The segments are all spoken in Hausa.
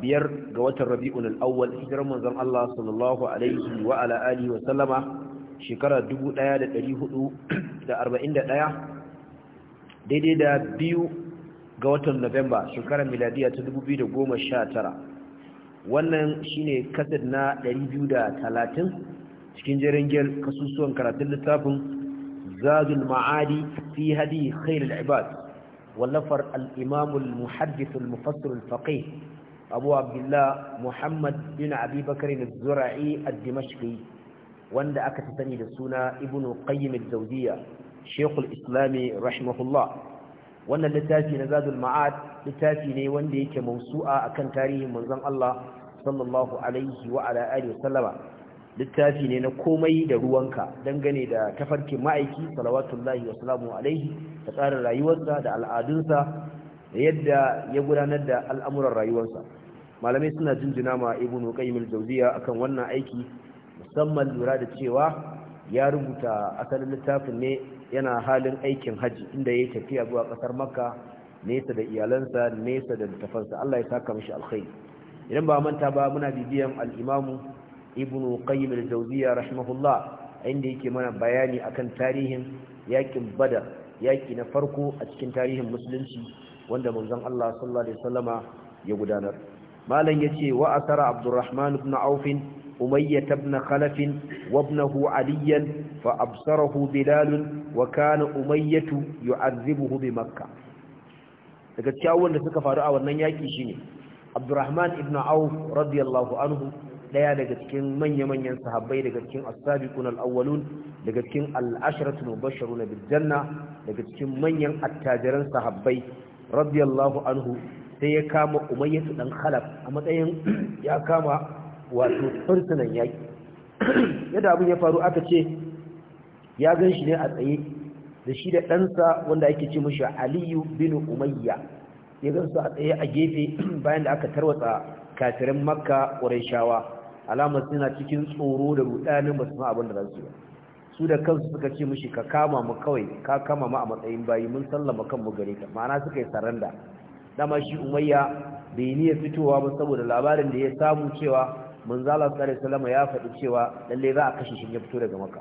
biyar ga watan rabi'un al'awwal hijirar manzon Allah sallallahu alaihi wa ala alihi wa sallama shekara 1441 daidai da biyu ga watan Nuwamba shekarar miladiya ta 2019 wannan shine kasad na 230 cikin jeringiyar kasusuwan karatun littafin Zadul Ma'adi fi hadi khairul ibad wallafar al-imam al-muhaddith al-mufassir al-faqih abu abdullah muhammad bin abi bakar zurai ad-dimashqi wanda aka ta sani da suna ibn qayyim al-zawdiyya shaykh al rahimahullah wannan littafi na zadul ma'ad littafi ne wanda yake a akan tarihin manzon Allah sallallahu alaihi wa ala alihi littafi ne na komai da ruwanka dangane da tafarkin ma'aiki salawatullahi wa salamu alaihi da tsarin rayuwarsa da al'adunsa da yadda ya gudanar da al'amuran rayuwarsa malamai suna jinjina ma ibnu qayyim al-jawziya akan wannan aiki musamman lura da cewa ya rubuta asalin littafin ne yana halin aikin haji inda yi tafiya zuwa kasar makka nesa da iyalansa nesa da littafansa Allah ya saka mishi alkhairi idan ba manta ba muna bibiyan al-imam ibnu qayyim al-jawziya rahimahullah inda yake mana bayani akan tarihin yakin badar yaki na farko a cikin tarihin musulunci wanda manzon Allah sallallahu alaihi wasallama ya gudanar malam ce wa asara abdurrahman ibn auf umayyah ibn khalafin wa aliyan fa absarahu bilalun wa kana umayyah yu'adhibuhu bi makkah daga cikin da suka faru a wannan yaki shine abdurrahman ibn auf radiyallahu anhu daya daga cikin manya-manyan sahabbai daga cikin as-sabiqun al-awwalun daga cikin al-ashratu mubashshiruna bil janna daga cikin manyan attajiran sahabbai radiyallahu anhu sai ya kama umayyatu dan khalaf a matsayin ya kama wato fursunan yaki yadda abin ya faru aka ce ya gan shi ne a tsaye da shi da ɗansa wanda ake ce mashi aliyu bin umayya ya gan su a tsaye a gefe bayan da aka tarwatsa kafirin makka ƙurayshawa alamar suna cikin tsoro da rudanin ba su ma abin da za su su da kansu suka ce mashi ka kama mu kawai ka kama mu a matsayin bayi mun sallama kanmu gare ka ma'ana suka yi saranda dama shi umayya bai niyyar fitowa ba saboda labarin da ya samu cewa manzala tsare salama ya faɗi cewa lalle za a kashe shi ya fito daga maka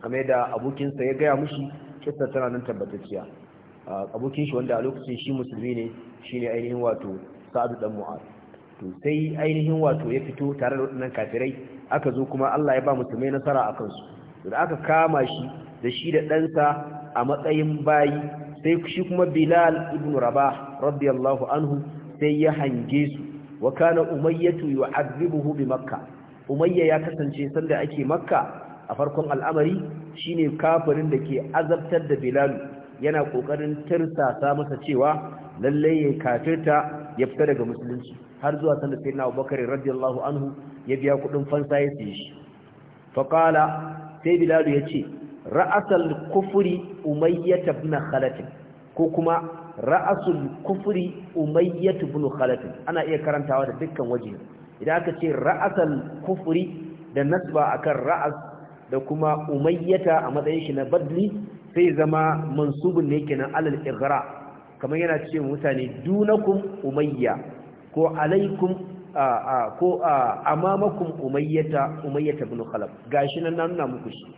kamar da abokinsa ya gaya mushi kissa tana nan tabbatacciya abokin shi wanda a lokacin shi musulmi ne shine ainihin wato sa'adu dan mu'ad to sai ainihin wato ya fito tare da waɗannan kafirai aka zo kuma Allah ya ba musulmai nasara a kansu da aka kama shi da shi da ɗansa a matsayin bayi sai shi kuma bilal ibn rabah radiyallahu anhu sai ya hange su wa kana umayyatu yu'adhibuhu bi makka umayya ya kasance sanda ake makka a farkon al'amari shine kafirin da ke azabtar da bilal yana kokarin tirsasa masa cewa lalle ya kafirta ya fita daga musulunci har zuwa sanda sayyidina abubakar radiyallahu anhu ya biya kudin fansa ya siye shi faqala sai bilal ya ce ra'asal kufri umayyah ibn khalat ko kuma ra'asul kufri umayyah ibn khalat ana iya karantawa da dukkan waje idan aka ce ra'asal kufri da nasba akan ra'as da kuma umayyata a matsayin shi na badli sai zama mansubun ne kenan alal igra kamar yana ce mutane dunakum umayya ko alaikum ko amamakum umayyata umayyata ibn khalaf gashi nan na nuna muku shi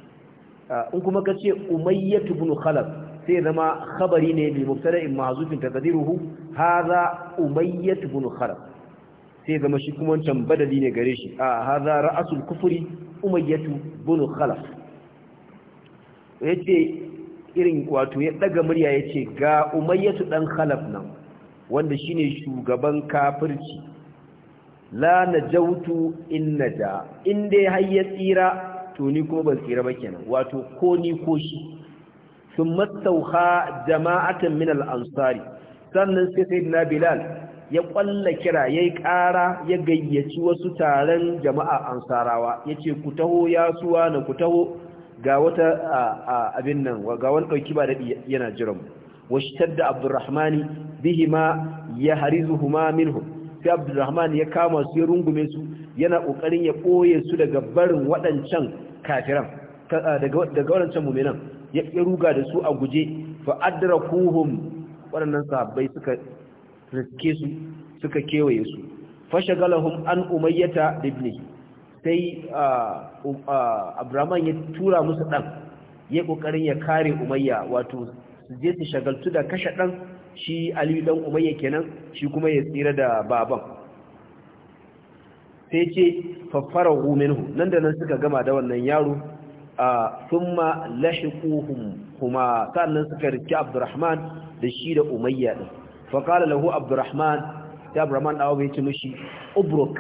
in kuma ka ce umayyatu bin khalaf sai zama khabari ne bi mubtada'in mahzufin taqdiruhu hadha umayyatu bin khalaf sai zama shi kuma wancan badali ne gare shi a hadha ra'sul kufri umayyatu bin khalaf yace irin wato ya daga murya yace ga umayyatu dan khalaf nan wanda shine shugaban kafirci la najawtu in naja in dai har ya tsira to ni ko ban tsira ba kenan wato ko ni ko shi sun matsauha jama'atan min Ansari. sannan sai sai na bilal ya ƙwalla kira ya yi ƙara ya gayyaci wasu taron jama'a ansarawa ya ce ku taho ya suwa na ku taho ga wata abin nan ga wani ɗauki ba daɗi yana jiran Wasu da abdurrahmani bihi ya harizu huma minhum sai abdurrahmani ya kama su ya rungume su yana ƙoƙarin ya ɓoye su daga barin waɗancan kafiran daga waɗancan muminan ya ruga da su a guje fa'adara kuhun waɗannan sahabbai suka riske su suka kewaye su galahun an umayyata ibni sai abraman ya tura musu ɗan ya ƙoƙarin ya kare umayya wato su je su shagaltu da kashe ɗan shi aliyu ɗan umayya kenan shi kuma ya tsira da baban sai ce faffarahu minhu nan da nan suka gama da wannan yaro a thumma lahiquhum kuma sannan suka rike Abdurrahman da shi da Umayya ɗin faƙala lahu Abdurrahman ta Abdurrahman dawo bai ci mishi ubruk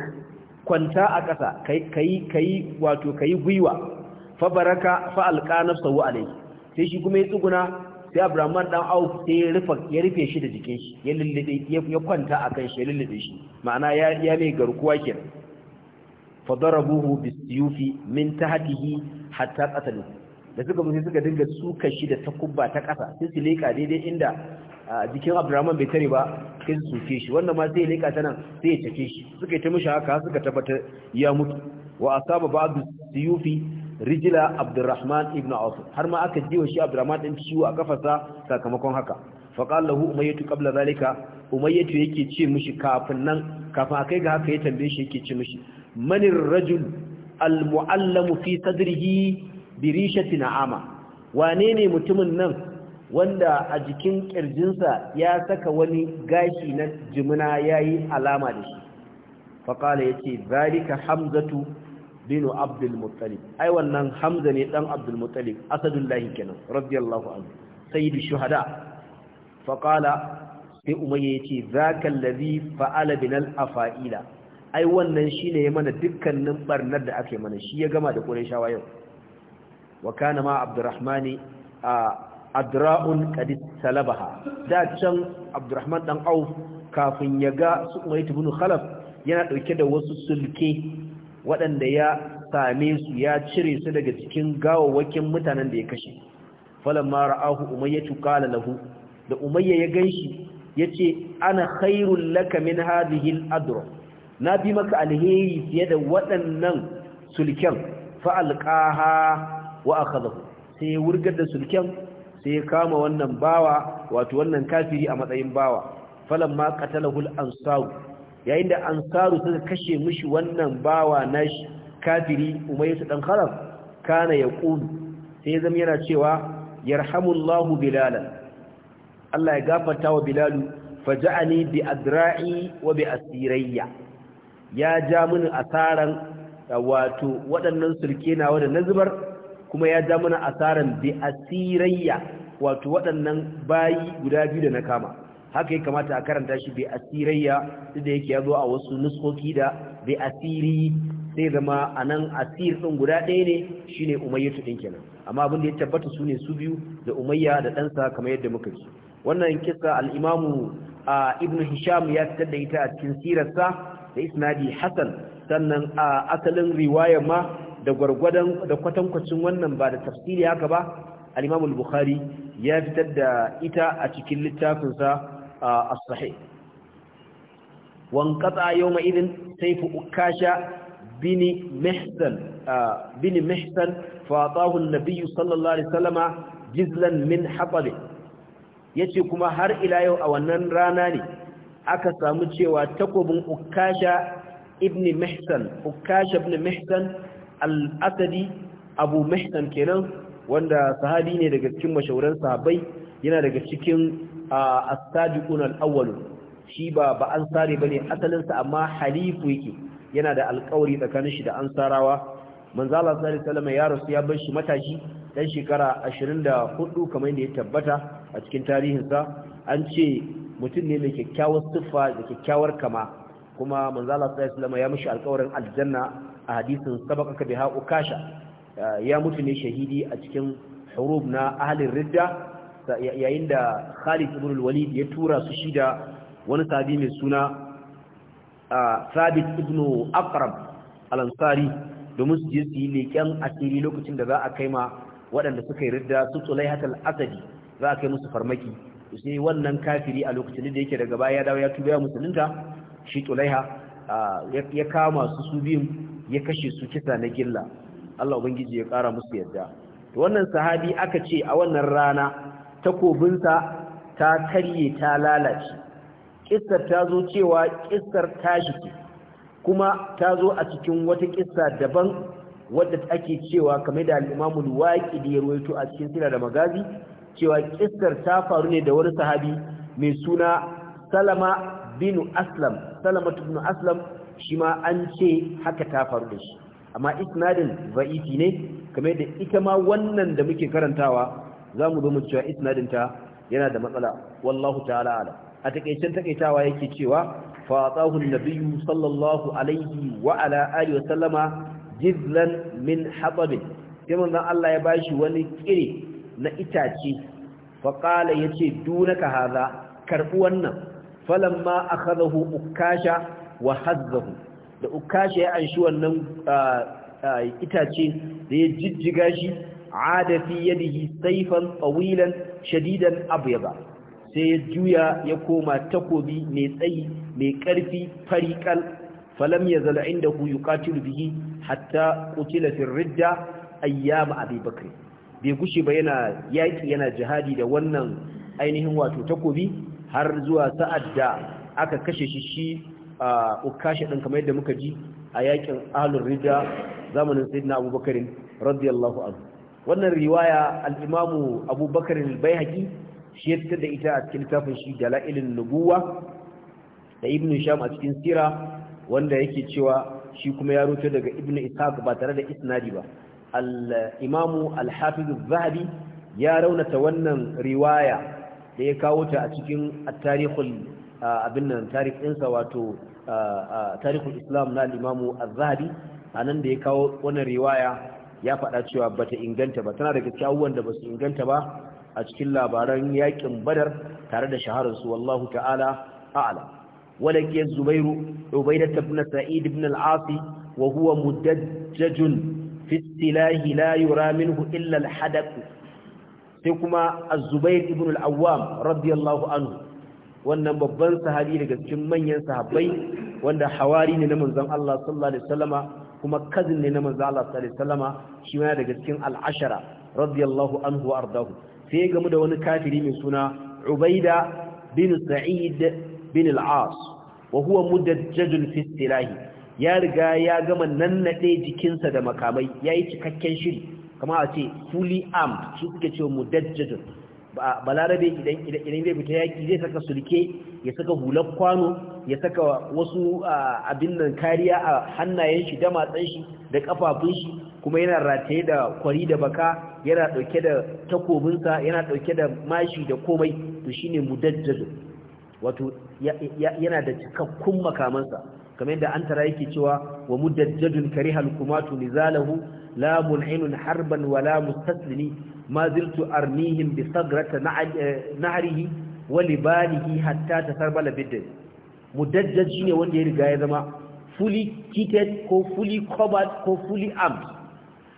kwanta a ƙasa kai kai kai wato kai gwiwa fa baraka fa sauwa a alayhi sai shi kuma ya tsuguna sai abdurrahman dan au sai ya rufe shi da jikin shi ya kwanta a kan shi ya lullube shi ma'ana ya ya mai garkuwa kenan فضربوه بالسيوف من تحته hatta قتلوه da suka musu suka dinga suka shi da takubba ta kasa sai su leka daidai inda jikin Abdurrahman bai tare ba sai su suke shi wannan ma sai leka ta nan sai ya take shi suka yi ta mishi haka suka tabbatar ya mutu wa asaba ba'd siyufi rijla Abdurrahman ibn Auf har ma aka jiwa shi Abdurrahman din ciwo a kafarsa sakamakon haka fa qala lahu umayyatu qabla zalika umayyatu yake ce mishi kafin nan kafin akai ga haka ya tambaye shi yake ce mishi man ar-rajul al fi sadrihi bi rishati na'ama Wanene mutumin nan wanda a jikin ƙirjinsa ya saka wani gashi na jimina yayi alama da shi faqala yace zalika hamzatu bin abdul muttalib ai hamza ne dan abdul muttalib asadullahi kenan radiyallahu anhu sayyidu shuhada faqala sai yace zaka allazi fa'ala bin ai wannan shine ya mana dukkanin barnar da ake mana shi ya gama da shawa yau wa kana ma abdurrahmani adra'un qad salabaha da can abdurrahman dan auf kafin ya ga maitu ibn khalaf yana dauke da wasu sulke waɗanda ya same su ya cire su daga cikin gawawwakin mutanen da ya kashe falamma ra'ahu umayyatu qala lahu da umayya ya ganshi yace ana khairul laka min hadhihi al-adra na bi maka alheri fiye da waɗannan sulken fa'alƙaha wa aka zahu sai ya wurgar da sulken sai ya kama wannan bawa wato wannan kafiri a matsayin bawa falon ma katalahul ansaru yayin da ansaru suka kashe mishi wannan bawa na kafiri umayyasu ɗan haram kana ya ƙulu sai ya zama yana cewa yarhamullahu bilalan Allah ya gafarta wa bilalu faja'ani bi adra'i wa bi asirayya ya ja mini asaran wato waɗannan sulke na da na zubar kuma ya ja mini asaran bi asirayya wato waɗannan bayi guda biyu da na kama haka ya kamata a karanta shi bi asirayya duk da yake ya zo a wasu nuskoki da bi asiri sai zama a nan asir ɗin guda ɗaya ne shine umayyatu ɗin kenan amma abin da ya tabbata su ne su biyu da umayya da ɗansa kamar yadda muka ji wannan kisa al'imamu a ibn hisham ya fitar da ita a cikin sirarsa da isnadi hasan sannan a asalin riwaya ma da gwargwadon da kwatankwacin wannan ba da tafsiri haka ba al-Imam al-Bukhari ya fitar da ita a cikin littafinsa as-sahih wanqata yawma idin sayfu ukasha bini mihsan bini mihsan fa atahu an-nabiy sallallahu alaihi wasallama jizlan min hatab yace kuma har ila yau a wannan rana ne aka samu cewa takobin ukasha ibn mihsan ukasha ibn mihsan al-asadi abu mihsan kenan wanda sahabi ne daga cikin mashauran sahabbai yana daga cikin as-sadiqun al-awwal shi ba ba ansari bane asalin sa amma halifu yake yana da alƙawari tsakanin shi da ansarawa manzo Allah sallallahu alaihi wasallam ya rasu ya bar shi matashi dan shekara 24 kamar yadda ya tabbata a cikin tarihin sa an ce mutum ne mai kyakkyawar siffa da kyakkyawar kama kuma Manzala Allah sallallahu alaihi ya mishi alƙawarin aljanna a hadisin sabaqaka biha ukasha ya mutu ne shahidi a cikin hurub na ahlin ridda yayin da Khalid ibn al-Walid ya tura su shi da wani sahabi mai suna Thabit ibn Aqrab al-Ansari domin su je su yi leƙen asiri lokacin da za a kai ma waɗanda suka yi ridda su Tulaihat al-Asadi za a kai musu farmaki to sai wannan kafiri a lokacin da yake daga baya ya dawo ya tuba ya musulunta shi tulaiha ya kama su su biyun ya kashe su kisa na gilla Allah ubangiji ya kara musu yadda to wannan sahabi aka ce a wannan rana takobinsa ta karye ta lalace kissar ta zo cewa kissar tashi ce kuma ta zo a cikin wata kissa daban wadda ake cewa kamar da al-Imam al-Waqidi ya ruwaito a cikin sila da magazi cewa kissar ta faru ne da wani sahabi mai suna salama bin aslam salama bin aslam shi ma an ce haka ta faru da shi amma isnadin za'ifi ne kamar da ita ma wannan da muke karantawa za mu zo mu cewa isnadin ta yana da matsala wallahu ta'ala ala a takeicen takeitawa yake cewa fa nabiyyu sallallahu alaihi wa ala alihi wa sallama jizlan min hatabin sai manzon Allah ya bashi wani kire na itace faƙala ya ce dunaka haza karɓi wannan ma a hazahu ukasha wa hazzahu da ukasha ya anshi wannan itace da ya jijjiga shi adafi yadihi saifan tsawilan shadidan abyaba sai ya juya ya koma takobi mai tsayi mai ƙarfi fariƙal falam ya zala inda ku yi bihi hatta kutila firridda ayyama abubakar bai gushe ba yana yaƙi yana jihadi da wannan ainihin wato takobi har zuwa sa'ad da aka kashe shi shi a ukashi ɗin kamar yadda muka ji a yaƙin ahlul rida zamanin sayyidina abubakarin radiyallahu anhu wannan riwaya al-imamu abubakarin al-baihaqi shi ya fitar da ita a cikin littafin shi dalailin nubuwa da Ibn sham a cikin sira wanda yake cewa shi kuma ya rute daga Ibn ishaq ba tare da isnadi ba imamu al zahabi ya raunata wannan riwaya da ya kawo ta a cikin tarihul abin nan wato tarihul islam na al-imamu az-zahabi anan da ya kawo wannan riwaya ya faɗa cewa bata inganta ba tana da cikin abubuwan da basu inganta ba a cikin labaran yakin badar tare da shaharar su wallahu ta'ala a'lam walaki zubairu ubaidah ibn sa'id ibn al-asi wa huwa mudajjajun fi istilahi la yura minhu illa al-hadaq sai kuma az-zubair ibn al-awwam radiyallahu anhu wannan babban sahabi daga cikin manyan sahabbai wanda hawari ne na manzon Allah sallallahu alaihi wasallama kuma kazin ne na manzon Allah sallallahu alaihi wasallama shi ma daga cikin al-ashara radiyallahu anhu wa ardahu sai gamu da wani kafiri mai suna Ubaida bin Sa'id bin al-As wa huwa mudajjajun fi istilahi ya riga ya gama nannade jikinsa da makamai ya yi cikakken shiri kama a ce fully armed su suke cewa mudajjadun balarabe idan zai fita yaki zai saka sulke ya saka hular kwano ya saka wasu abin nan kariya a hannayen shi da matsan shi da kafafun shi kuma yana rataye da kwari da baka yana dauke da takobinsa yana dauke da mashi da komai to shine mudajjadun wato yana da cikakkun makamansa kamar yadda an tara yake cewa wa mudajjadun karihal kumatu nizalahu la mun'inun harban wa la mustaslimi ma ziltu armihim bi sagrata eh, na'rihi wa libanihi hatta tasarbala bidai mudajjad shine wanda ya riga ya zama fully kitted ko fully covered ko fully armed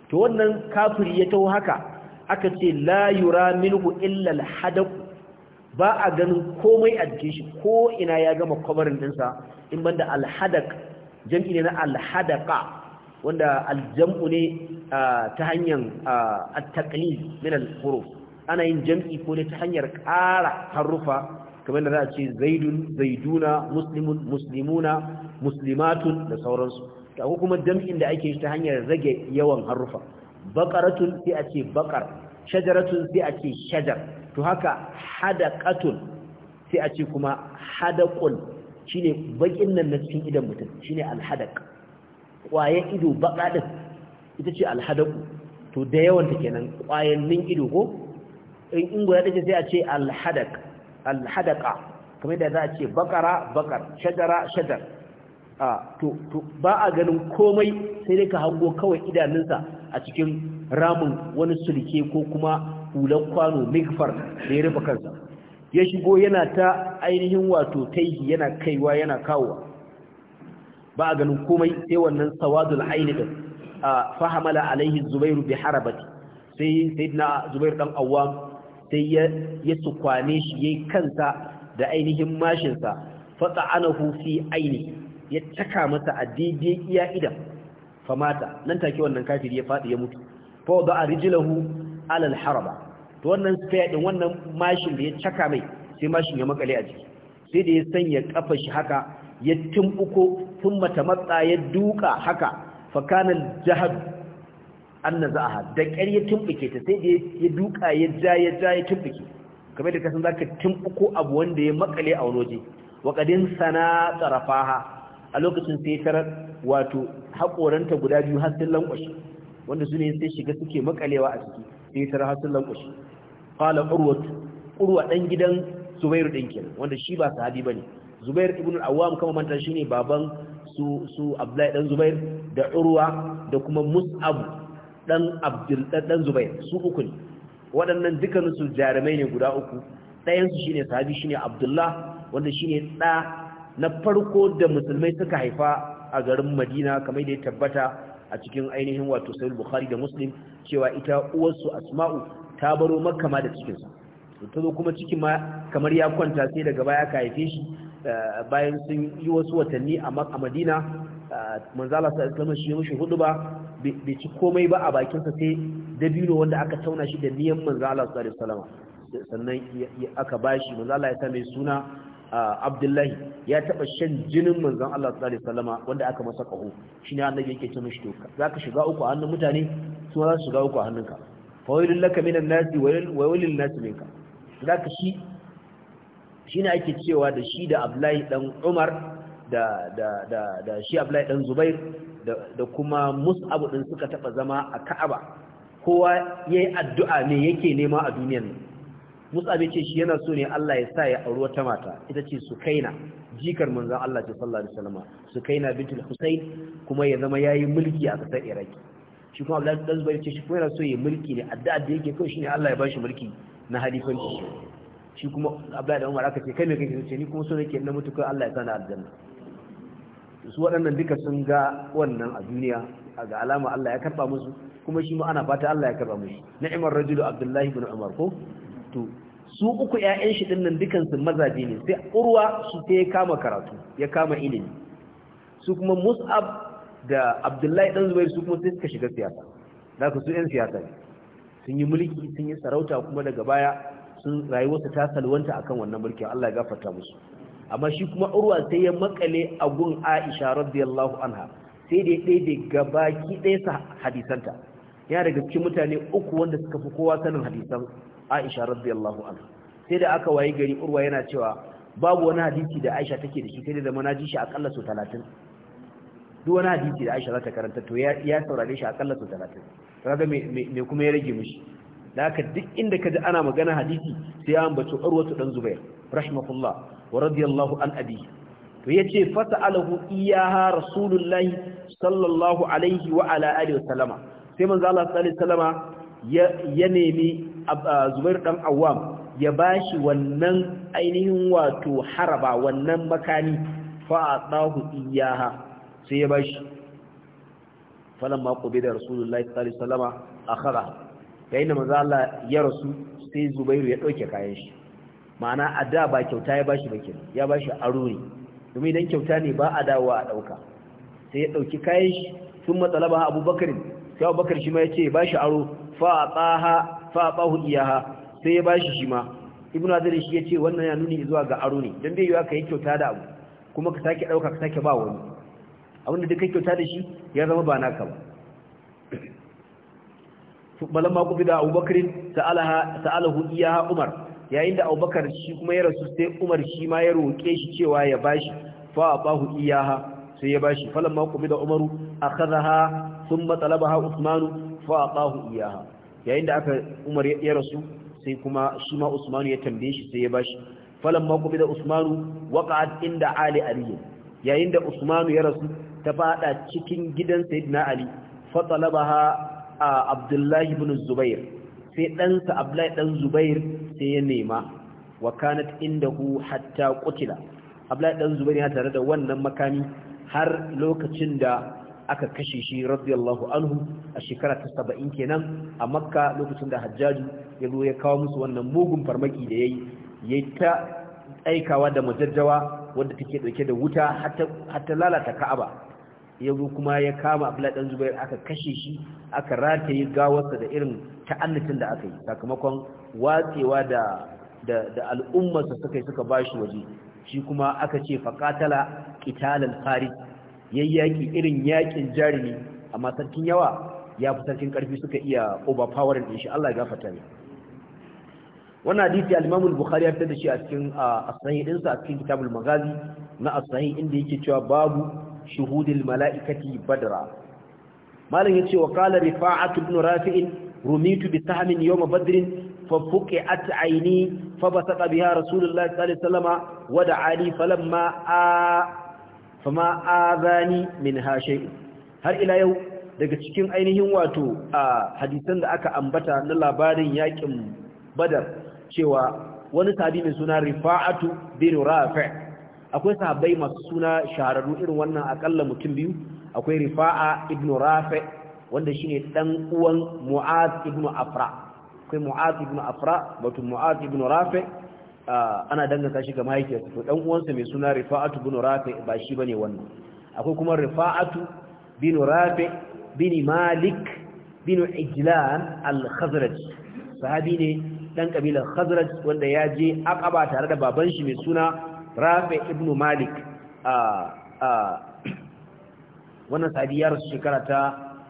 to wannan kafiri ya taho haka aka ce la yura minhu illa al-hadaq ba a ganin komai a jikin shi ko ina ya gama kwabarin ɗinsa, in banda alhadak jam'i ne na alhadaƙa, wanda aljam'u ne ta hanyar at-taqlid min al-huruf ana yin jam'i ko ne ta hanyar ƙara harufa kamar da za a ce zaidun zaiduna muslimun muslimuna muslimatun da sauransu ko kuma jam'in da ake ta hanyar rage yawan harufa baqaratun sai a ce baqar shajaratun sai a ce shajar to haka hadaqatun sai a ce kuma hadaqul shine bakin nan na cikin idan mutum shine alhadaq kwaye ido baka din ita ce alhadaq to da yawan ta kwayen nin ido ko in ingo ya dace sai a ce alhadaq alhadaqa kamar da za a ce bakara bakar shajara shajar a to ba a ganin komai sai dai ka hango kawai idanunsa a cikin ramin wani sulke ko kuma hular kwano mikfar da ya rufe kansa ya shigo yana ta ainihin wato taihi yana kaiwa yana kawowa ba a ganin komai sai wannan sawadul ainihin a fahamala alaihi zubairu bi harabati sai sayyidina zubairu dan Awwa sai ya sukwane shi yayin kansa da ainihin mashinsa fata'anahu fi aini ya taka masa a daidai iya idan famata nan take wannan kafin ya faɗi ya mutu fa wada rijlahu ala al-haraba to wannan spare din wannan mashin da ya caka mai sai mashin ya makale a ciki sai da ya sanya kafar shi haka ya tumbuko thumma tamatta ya duka haka fa kana jahad annazaha da kar ya tumbuke ta sai da ya duka ya ja ya ja ya tumbuke kamar da kasan zaka tumbuko abu wanda ya makale a wuroje wa qadin sana tarafaha a lokacin sai tar wato hakoranta guda biyu har sun lankwashi wanda su ne sai shiga suke makalewa a ciki da ya tara hasin lankushi qala urwat urwa dan gidan zubairu din kenan wanda shi ba sahabi bane zubair ibn al kama kuma manta shine baban su su abdullahi dan zubair da urwa da kuma mus'ab dan abdul dan zubair su uku ne waɗannan dukkaninsu jarumai ne guda uku ɗayan su shine sahabi shine abdullah wanda shine da na farko da musulmai suka haifa a garin madina kamar da ya tabbata a cikin ainihin wato sahih bukhari da muslim cewa ita uwarsu asma'u ta baro makka ma da cikinsa ta zo kuma cikin ma kamar ya kwanta sai daga baya ka haife shi eh, bayan sun yi wasu watanni a madina manzala sa islam shi ya mushi hudu ba bai ci komai ba a bakinsa sai dabino wanda aka tauna shi da niyan manzala sa islam sannan aka bashi manzala ya sa mai suna eh, abdullahi ya taba shan jinin manzon Allah sallallahu alaihi wasallama wanda aka masa kaho shine annabi yake ce mishi to zaka shiga uku a hannun mutane su za su shiga uku a hannunka fawilin laka minan nasi wa nasi minka zaka shi ne ake cewa da shi da Abdullahi dan Umar da shi Abdullahi dan Zubair da kuma Mus'ab din suka taba zama a Ka'aba kowa yayi addu'a ne yake nema a duniyar nan Mus'ab ce shi yana so ne Allah ya sa ya auri wata mata ita ce Sukaina jikar manzon Allah ta sallallahu alaihi wasallam Sukaina bintul Husayn kuma ya zama ya yi mulki a ƙasar Iraki shi kuma Abdullahi dan Zubair ce shi kuma yana so ya mulki ne addu'a da yake kawai shine Allah ya bashi mulki na halifanci shi kuma Abdullahi dan Umar aka ce kai me kake ce ni kuma so nake na mutu kai Allah ya sani aljanna su waɗannan duka sun ga wannan a duniya ga alama Allah ya karba musu kuma shi ma ana fata Allah ya karba musu ni'mar rajulu Abdullahi ibn Umar ko to su uku ƴaƴan shi dinnan dukansu mazaje ne sai urwa shi ta ya kama karatu ya kama ilimi su kuma mus'ab da abdullahi dan zubair su kuma sai suka shiga siyasa da su yan siyasa ne sun yi mulki sun yi sarauta kuma daga baya sun rayuwarsa ta salwanta akan wannan mulki Allah ya gafarta musu amma shi kuma urwa sai ya makale a gun Aisha radiyallahu anha sai da ya daide gabaki ɗaya sa hadisanta ya daga cikin mutane uku wanda suka fi kowa sanin hadisan Aisha radiyallahu anha sai da aka wayi gari urwa yana cewa babu wani hadisi da Aisha take da shi sai da zama na ji shi akalla sau talatin. duk wani hadisi da Aisha za ta karanta to ya saurare shi akalla sau talatin kaga mai kuma ya rage mishi da haka duk inda ka ji ana magana hadisi sai an bato urwatu dan zubair rahimahullah wa radiyallahu an abi to ya yace fata'alahu iyaha rasulullahi sallallahu alaihi wa ala alihi wa sallama sai manzo Allah sallallahu alaihi wasallama ya nemi zubair dan Awam, ya bashi wannan ainihin wato haraba wannan makani fa atahu iyaha sai ya bashi falamma qubida rasulullahi sallallahu alaihi wasallama akhara yayin da manzo Allah ya rasu sai Zubairu ya dauke kayan shi ma'ana a da ba kyauta ya bashi ba kenan ya bashi aro ne domin idan kyauta ne ba a dawowa a dauka sai ya dauki kayan shi sun matsalaba Abubakar sai Abubakar shi ma ya ce bashi aro fa ataha fa atahu iyaha sai ya bashi shi ma ibnu adari shi ya ce wannan ya nuni zuwa ga aro ne dan bai yiwa ka yi kyauta da abu kuma ka sake dauka ka sake ba wani abinda duk kyauta da shi ya zama ba naka ba balan ma kufi da abubakar sa'alahu iyaha umar yayin da abubakar shi kuma ya rasu sai umar shi ma ya roƙe shi cewa ya bashi fa iya ha sai ya bashi Falon ma kufi da umaru a kaza ha akhadha thumma talabaha usman fa iya ha? yayin da aka umar ya rasu sai kuma shi ma usman ya tambaye shi sai ya bashi Falon ma kufi da Usmanu waqa'at inda ali ali yayin da Usmanu ya rasu ta fada cikin gidan sayyidina ali fa talabaha abdullahi ibn zubair sai ɗansa abdullahi ɗan zubair sai ya nema wa kanat indahu hatta qutila abdullahi ɗan zubair ya tare da wannan makami har lokacin da aka kashe shi radiyallahu anhu a shekara ta saba'in kenan a makka lokacin da hajjaju ya zo ya kawo musu wannan mugun farmaki da ya yi ya ta aikawa da mujajjawa wadda take dauke da wuta har ta lalata ka'aba ya zo kuma ya kama abdullahi dan zubair aka kashe shi aka rataye gawarsa da irin ta'annutin da aka yi sakamakon watsewa da da da al'ummarsa suka yi suka bashi waje shi kuma aka ce faqatala faris farid yayyaki irin yakin jarumi amma sarkin yawa ya fi sarkin karfi suka iya overpowering din shi Allah ya gafarta ne wannan hadisi al-Imam al-Bukhari ya fitar da shi a cikin as-sahih a cikin kitabul magazi na as-sahih inda yake cewa babu shuhudil mala'ikati badra malam yace wa qala rifa'at ibn rafi'in rumitu bi sahmin yawm badrin fa fuqi'at ayni fa basata biha rasulullahi sallallahu alaihi wasallam wa da'ali falamma a fama azani minha shay har ila yau daga cikin ainihin wato a hadisan da aka ambata na labarin yaƙin badar cewa wani tabi mai suna rifa'atu bin rafi' akwai sahabbai masu suna shahararru irin wannan akalla mutum biyu akwai rifa'a ibn rafi wanda shine dan uwan mu'az ibn afra akwai mu'az ibn afra wato mu'az ibn rafi ah, ana danganta shi ga mahaifiyarsa to dan uwansa mai suna rifa'atu ibn rafi ba shi bane wannan akwai kuma rifa'atu bin rafi bin malik bin ijlan al-khazraj sahabi ne dan kabilar khazraj wanda ya je aqaba tare da baban shi mai suna rafi ibn malik a a wannan sadiyar shekara ta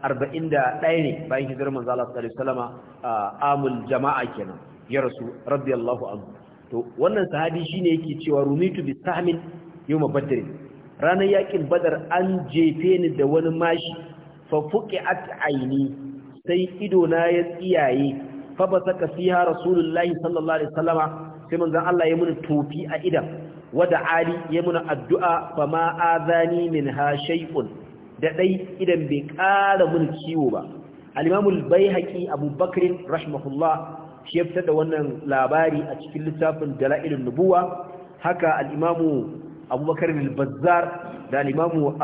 41 ne bayan hijirar manzo Allah sallallahu alaihi wasallama amul jama'a kenan ya rasu radiyallahu anhu to wannan sahabi shine yake cewa rumitu bi sahmin yawm badr ranar yakin badar an jefe ni da wani mashi fa fuqi'at aini sai ido na ya tsiyaye fa basaka fiha rasulullahi sallallahu alaihi wasallama sai manzo Allah ya muni tofi a idan wada ali ya muna addu'a ba ma azani min ha shaikun da ɗai idan bai ƙara mun ciwo ba alimamul bai haƙi abubakarin rahimahullah shi ya fitar da wannan labari a cikin littafin dala'ilin nubuwa haka al'imamu abubakar al da Alimamu imamu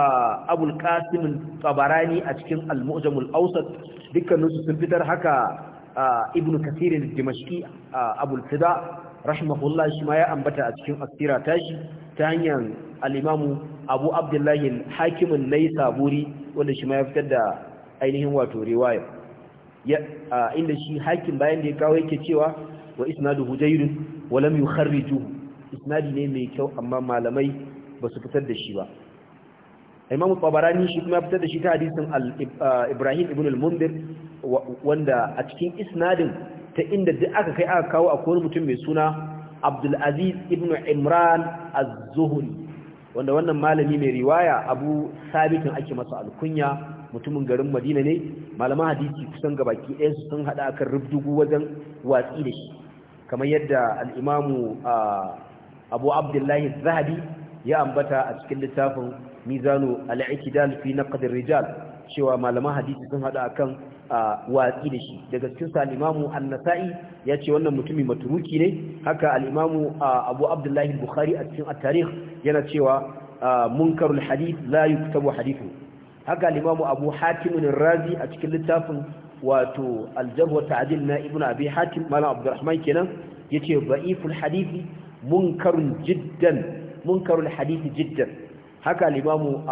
abul a cikin al-mu'jam al-awsat sun fitar haka ibnu kathir dimashki a abul fida rahimahullah shi ma ya ambata a cikin asira tashi ta hanyar al'imamu abu abdullahi hakimin nai saburi wanda shi ma ya fitar da ainihin wato riwaya inda shi hakim bayan da ya kawo yake cewa wa isnaduhu jayyid wa lam yukharrijuhu isnadi ne mai kyau amma malamai ba su fitar da shi ba imamu tabarani shi kuma ya fitar da shi ta hadisin ibrahim ibn al-mundir wanda a cikin isnadin ta inda duk aka kai aka kawo akwai mutum mai suna Abdulaziz ibn Imran az-Zuhri wanda wannan malami mai riwaya Abu Sabitin ake masa alkunya mutumin garin Madina ne malaman hadisi kusan gabaki ɗayan su sun hada akan rubdugu wajen watsi da shi kamar yadda al Abu Abdullahi zahabi ya ambata a cikin littafin Mizanu al fi Naqd rijal cewa malaman hadisi sun haɗa akan watsi da shi daga cikinsa sa al nasai ya ce wannan mutumin maturuki ne haka al abu abdullahi bukhari a cikin at yana cewa munkarul hadith la yuktabu hadithu haka al-imamu abu hatim razi a cikin littafin wato al-jarh wa na ibnu abi hatim malam abdurrahman kenan yace da'iful hadithi munkarun jiddan munkarul hadithi jiddan haka al-imamu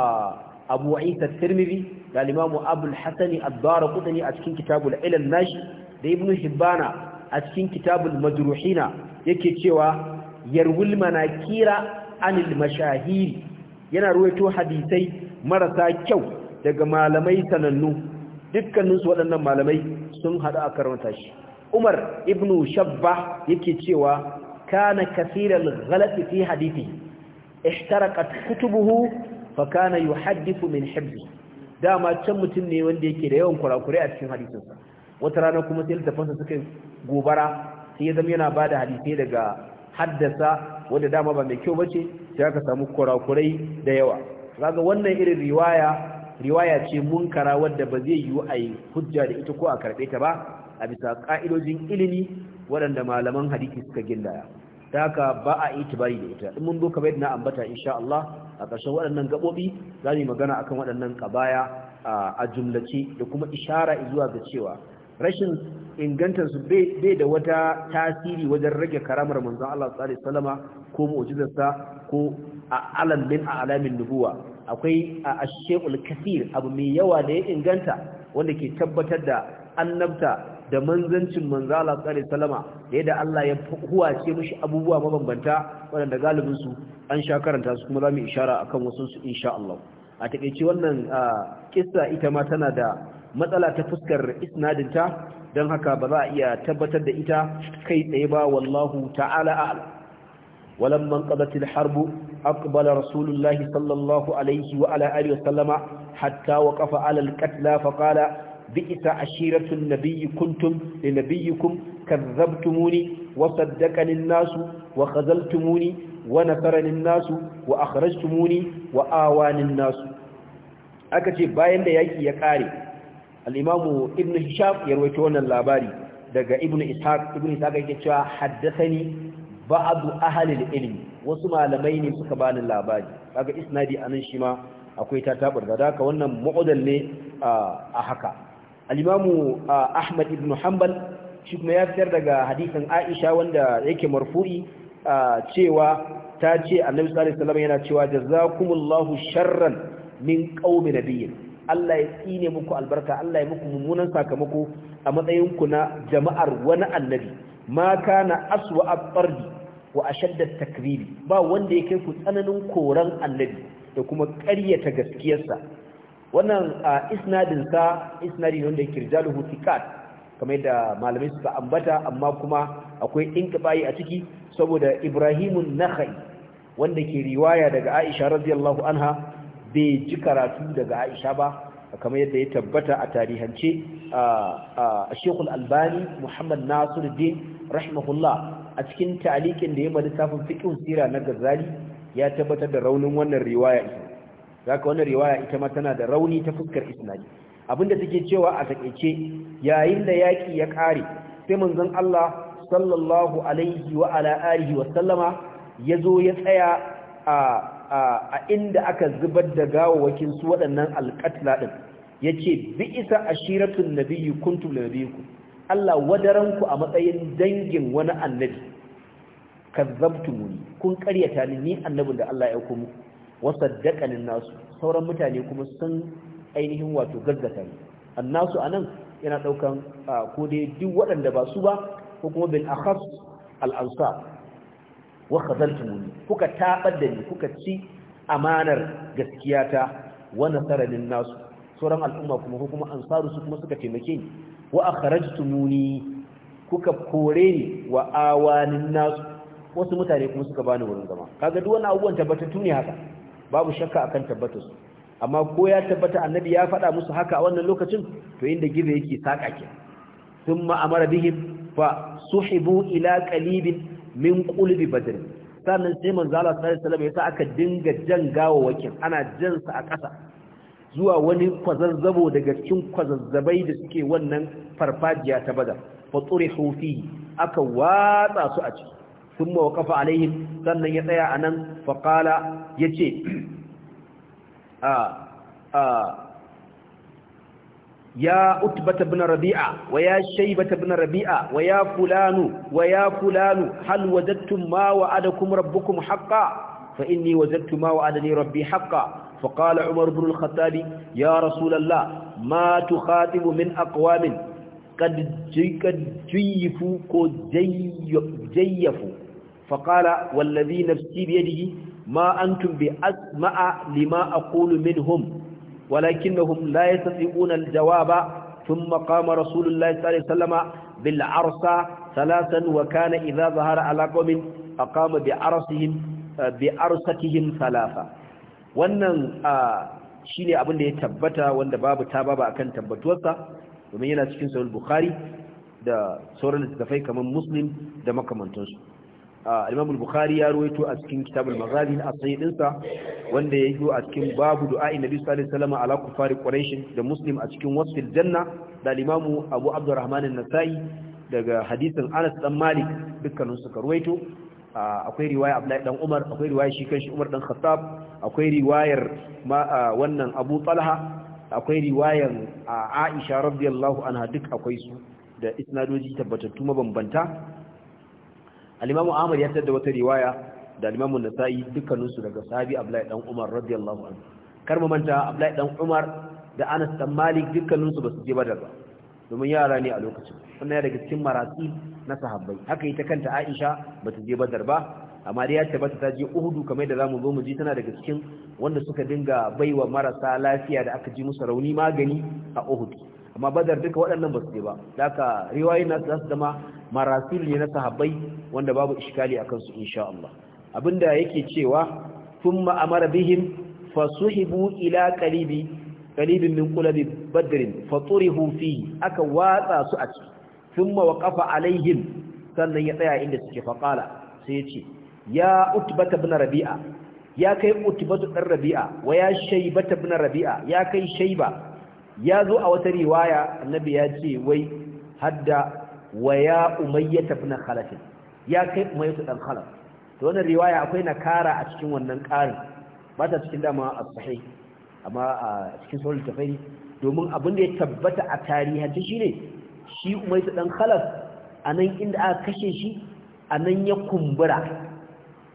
abu isa tirmidhi da limamu abul hasani ad-dara a cikin kitabul ilal nashi da ibnu hibbana a cikin kitabul majruhina yake cewa yarwul manakira anil mashahiri yana ruwaito hadisai marasa kyau daga malamai sanannu dukkaninsu waɗannan malamai sun haɗu a karanta shi umar ibnu shabba yake cewa kana kasirar galafi fi hadithi ihtaraqat kutubuhu fa kana yuhaddithu min hibbi dama can mutum ne wanda yake da yawan kurakurai a cikin hadisinsa wata rana kuma sai littafansa suka gobara sai ya zama yana bada hadisai daga haddasa wanda dama ba mai kyau bace sai aka samu kurakurai da yawa kaga wannan irin riwaya riwaya ce munkara wadda ba zai yiwu a yi hujja da ita ko a karɓe ta ba a bisa ƙa'idojin ilimi waɗanda malaman hadisi suka gindaya ta haka ba a itibari da ita in mun zo kamar yadda na ambata insha Allah a ƙarshen waɗannan gaɓoɓi za mu yi magana akan waɗannan ƙabaya a jumlace da kuma ishara zuwa ga cewa rashin su bai da wata tasiri wajen rage karamar manzon Allah sallallahu alaihi wasallama ko mu'jizarsa ko a alam min alamin nubuwa akwai ash-shay'ul kathir abu mai yawa da ya inganta wanda ke tabbatar da annabta da manzancin manzo Allah sallallahu alaihi wasallama da yadda Allah ya huwace mushi abubuwa mabambanta wanda galibin su an sha karanta su kuma zamu ishara akan wasu su insha Allah a takeice wannan kissa ita ma tana da matsala ta fuskar isnadinta don haka ba za a iya tabbatar da ita kai tsaye ba wallahu ta'ala a'lam walamman qadatil harbu aqbala rasulullahi sallallahu alaihi wa ala alihi wasallama hatta wa ƙafa al-qatla fa bi'isa ashiratun nabiyyi kuntum li nabiyyikum kadzabtumuni wa saddaqani an-nasu wa khazaltumuni wa nasarani an-nasu wa akhrajtumuni wa awani an-nasu aka ce bayan da yaki ya kare al-imamu ibn hisham ya rawaito wannan labari daga ibn ishaq ibn ishaq yake cewa haddathani ba'du ahli al-ilm wasu malamai ne suka bani labari kaga isnadi anan shi ma akwai ta tabar da haka wannan mu'adal ne a haka Alimamu imamu ahmad ibn hanbal shi kuma ya fitar daga hadisin aisha wanda yake marfu'i cewa ta ce annabi sallallahu alaihi yana cewa jazakumullahu sharran min qaumi nabiyyin Allah ya tsine muku albarka Allah ya muku mummunan sakamako a matsayin ku na jama'ar wani annabi ma kana aswa at-tardi wa ashadda at-takribi ba wanda yake ku tsananin koran annabi da kuma ƙaryata gaskiyarsa wannan isnadin sa isnadi wanda yake rijaluhu thiqat kamar yadda malamai suka ambata amma kuma akwai inqibai a ciki saboda Ibrahimun Nakhai wanda ke riwaya daga Aisha radiyallahu anha bai ji karatu daga Aisha ba kamar yadda ya tabbata a tarihance a Sheikhul Albani Muhammad Nasiruddin rahimahullah a cikin ta'liqin da ya mallaka littafin sira na gazali ya tabbatar da raunin wannan riwaya zaka wani riwaya ita ma tana da rauni ta fuskar isnadi abinda take cewa a takeice yayin da yaki ya kare sai manzon Allah sallallahu alaihi wa ala alihi wa sallama yazo ya tsaya a a inda aka zubar da gawawakin su waɗannan alƙatla din yace bi isa ashiratun nabiyyi kuntum nabiyyikum Allah wadaranku a matsayin dangin wani annabi kazzabtumuni kun ƙaryata ni annabin da Allah ya aiko muku wasaddaqanin nasu sauran mutane kuma sun ainihin wato gaggata ne annasu anan yana ɗaukan ko dai duk waɗanda ba su ba ko kuma bin akhas al ansar wa kuka tabar da ni kuka ci amanar gaskiyata wa nasaranin nasu sauran al'umma kuma ko kuma ansaru su kuma suka taimake ni wa kuka kore ni wa awanin nasu wasu mutane kuma suka bani wurin zama kaga duk wannan abubuwan tabbatattu ne haka babu shakka akan tabbatar su amma ko ya tabbata annabi ya faɗa musu haka a wannan lokacin to inda gizo yake saka ke thumma amara bihim fa suhibu ila qalibin min qulbi badr sannan sai manzo Allah sallallahu alaihi ya sa aka dinga jan gawo wakin ana jan sa a ƙasa zuwa wani kwazazzabo daga cikin kwazazzabai da suke wannan farfajiya ta bada, fa turihu fi aka watsa su a ciki sun kafa alaihim sannan ya tsaya a nan faƙala ya ce ya utbata bin rabi'a wa ya shaibata bin rabi'a wa ya fulanu wa ya fulanu hal wajadtum ma wa'adakum rabbukum haƙa fa inni wajadtu ma wa'adani rabbi haqqan فقال umar بن الخطاب يا رسول الله ما تخاطب من أقوام قد جيفوا كو جيفوا faƙala wallazi nafsi biyadihi ma antum bi asma'a lima aqulu minhum walakinnahum la yastati'una al-jawaba ثم قام رسول الله صلى الله عليه وسلم بالعرصة ثلاثا وكان إذا ظهر على قوم أقام بعرصهم بعرصتهم ثلاثا wannan shine abin da ya tabbata wanda babu ta babu akan tabbatuwarsa domin yana cikin sahih bukhari da sauran littafai kamar muslim da makamantansu al-Imam al-Bukhari ya ruwaito a cikin Kitabul Maghazi a sayyidinsa wanda ya yi a cikin babu du'a Nabi sallallahu alaihi wasallam ala kufari Quraysh da Muslim a cikin Wasfil Janna da imam Abu Abdurrahman an-Nasa'i daga hadisin Anas dan Malik dukkanin su ka ruwaito akwai riwaya Abdullahi dan Umar akwai riwaya shi kanshi Umar dan Khattab akwai riwayar wannan Abu Talha akwai riwayar Aisha radiyallahu anha duk akwai su da isnadoji tabbatattu mabambanta al-imamu ahmad ya tada da wata riwaya da al-imamu yi dukkaninsu daga sahabi abdullahi dan umar radiyallahu anhu kar mu manta abdullahi dan umar da anas dan malik dukkaninsu ba su je badar ba domin yara ne a lokacin wannan ya daga cikin marasi na sahabbai haka ita kanta aisha ba ta je badar ba amma dai ya tabbata ta je uhudu kamar da zamu zo mu ji tana daga cikin wanda suka dinga baiwa marasa lafiya da aka ji musu rauni magani a Uhudu. amma badar duka waɗannan ba su je ba daga riwayoyi na su zama marasil ne na sahabbai wanda babu iskali a kansu insha Allah abinda yake cewa thumma amara bihim fasuhibu ila qalibi qalibin min badarin fa faturihu fi aka watsa su a ciki wa ƙafa alaihim sannan ya tsaya inda suke faƙala. sai ya ce ya utbata rabi'a ya kai utbatu ɗan rabi'a wa ya shaybata ibn rabi'a ya kai Shaiba. ya zo a wata riwaya annabi ya ce wai hadda wa ya umayya tafna khalaf ya kai umayya dan khalaf to wannan riwaya akwai na kara a cikin wannan karin ba ta cikin dama as-sahih amma a cikin sahih tafari domin abin da ya tabbata a tarihi shine shi umayya dan khalaf anan inda aka kashe shi anan ya kumbura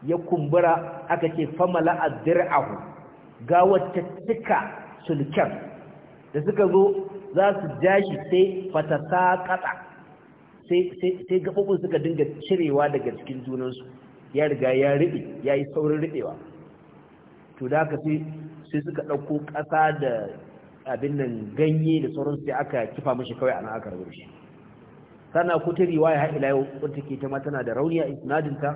ya kumbura aka ce famala ad-dir'ahu ga wata sulkan da suka zo za su ja shi sai fatasa kasa sai gaɓoɓin suka dinga cirewa daga cikin junansu ya riga ya riɓe ya yi saurin riɓewa to da aka sai suka ɗauko ƙasa da abin nan ganye da sauran sai aka kifa mashi kawai a nan aka rabu shi sana ta riwaya har ila yau wata ke ta ma tana da rauni a isnadinta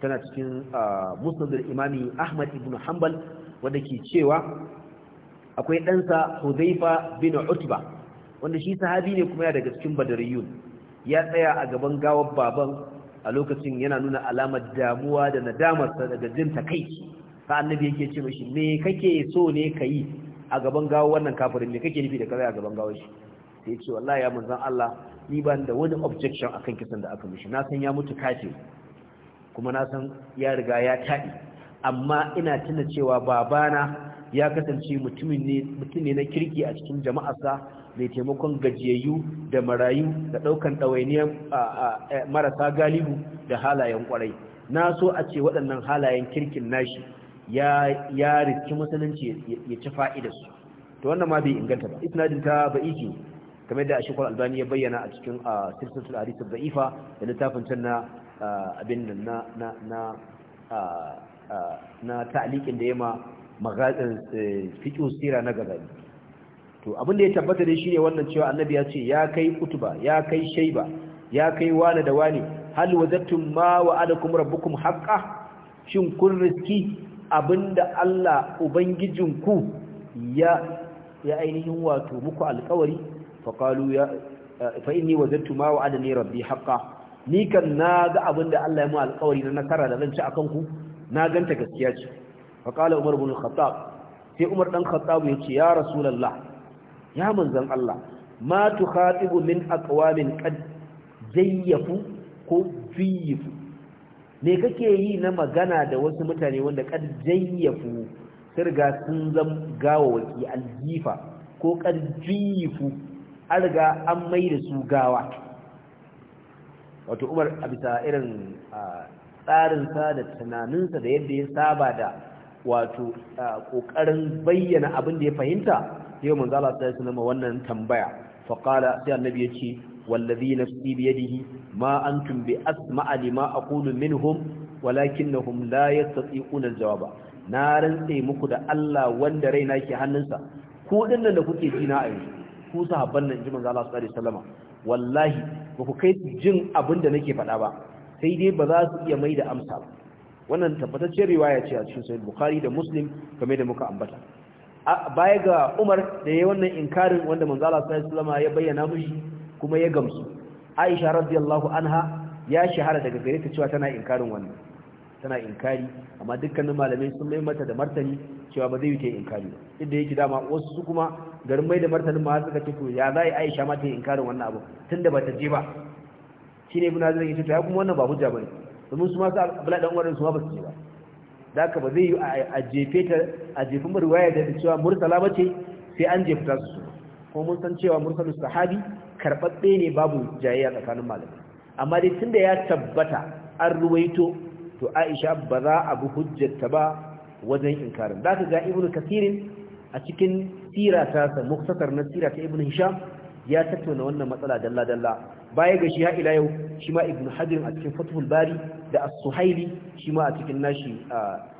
tana cikin ah, musnadul imami ahmad ibn hanbal wanda ke cewa akwai ɗansa Hudaifa bin utba wanda shi sahabi ne kuma ya daga cikin Badriyun ya tsaya a gaban gawar baban a lokacin yana nuna alamar damuwa da nadamarsa daga jin takaici fa annabi yake ce shi me kake so ne ka a gaban gawar wannan kafirin me kake nufi da kaza a gaban gawar shi sai ce wallahi ya manzon Allah ni ban da wani objection akan kisan da aka mishi na san ya mutu kace kuma na san ya riga ya tadi amma ina tuna cewa babana ya kasance mutum ne na kirki a cikin jama'arsa mai taimakon gajiyayyu da marayu da ɗaukan ɗawainiyar eh, marasa galihu da halayen ƙwarai na so a ce waɗannan halayen kirkin nashi ya riski musulunci ya ci fa'idarsu to wannan ma bai inganta ba isnadin ta ba'iki kamar da ashikul albani ya bayyana a cikin silsilatul hadithul da'ifa da littafin can na abin na na na da yema Eh, fiƙin sira na gazali to abin da ya tabbata shi ne wannan cewa annabi ya ce ya kai kutuba ya kai shaiba ya kai wane da wane hal wajadtum ma wa wa'adakum rabbukum haƙa. shin kun riski abinda Allah ubangijinku ya ya ainihin wato muku alƙawari faqalu ya fa inni wajadtu ma wa'adani rabbi haƙa. ni kan naga abinda Allah ya mu alƙawari na nasara da zan ci akan ku na ganta gaskiya ce فقال umar bin الخطاب sai umar ɗan الخطاب ya ce ya rasulallah ya manzan Allah الله ما تخاطب min aqwamin قد زيف ko fiyifu me kake yi na magana da wasu mutane wanda kad jayyafu sun riga sun zam gawawaki aljifa ko kad fiyifu an riga an mai da su gawa wato umar a bisa irin tsarinsa da tunaninsa da yadda ya saba da wato kokarin bayyana abin da ya fahimta yau manzo Allah sai ya wannan tambaya fa qala sai annabi yace wallazi nafsi bi yadihi ma antum bi asma'a lima aqulu minhum walakinnahum la yastati'una al ba. na rantse muku da Allah wanda raina ke hannunsa ku dinnan da kuke ji na a yanzu ku sahabban nan ji Allah sallallahu alaihi wallahi ba ku kai jin abin da nake faɗa ba sai dai ba za su iya mai da amsa ba wannan tabbataccen riwaya ce a cikin sahih bukhari da muslim game da muka ambata baya ga umar da yayi wannan inkarin wanda manzo Allah sallallahu alaihi ya bayyana mushi kuma ya gamsu aisha radiyallahu anha ya shahara daga gare ta cewa tana inkarin wannan tana inkari amma dukkanin malamai sun mai mata da martani cewa ba zai yi ta inkari ba inda yake dama wasu su kuma garin mai da martanin ma suka ce to ya zai aisha ma ta yi inkarin wannan abu tunda ba ta je ba shine ibn hazm yake cewa kuma wannan ba hujja bane domin su masu abula ɗan warin su ba su ce ba da aka ba zai yi a jefe ta a jefi marwaya da cewa mursala ba ce sai an jefe ta su ko mun san cewa mursalus sahabi karɓaɓɓe ne babu jayayya tsakanin malamai amma dai tun da ya tabbata an ruwaito to Aisha ba za a bi hujjarta ba wajen inkarin Za ka ga Ibnu kasirin a cikin sira ta sa muktasar na sira ta Ibnu Hisham ya tattauna wannan matsala dalla dalla baya ga shi ha ila yau shi ma ibn hajar a cikin fathul bari da as-suhaili shi ma a cikin nashi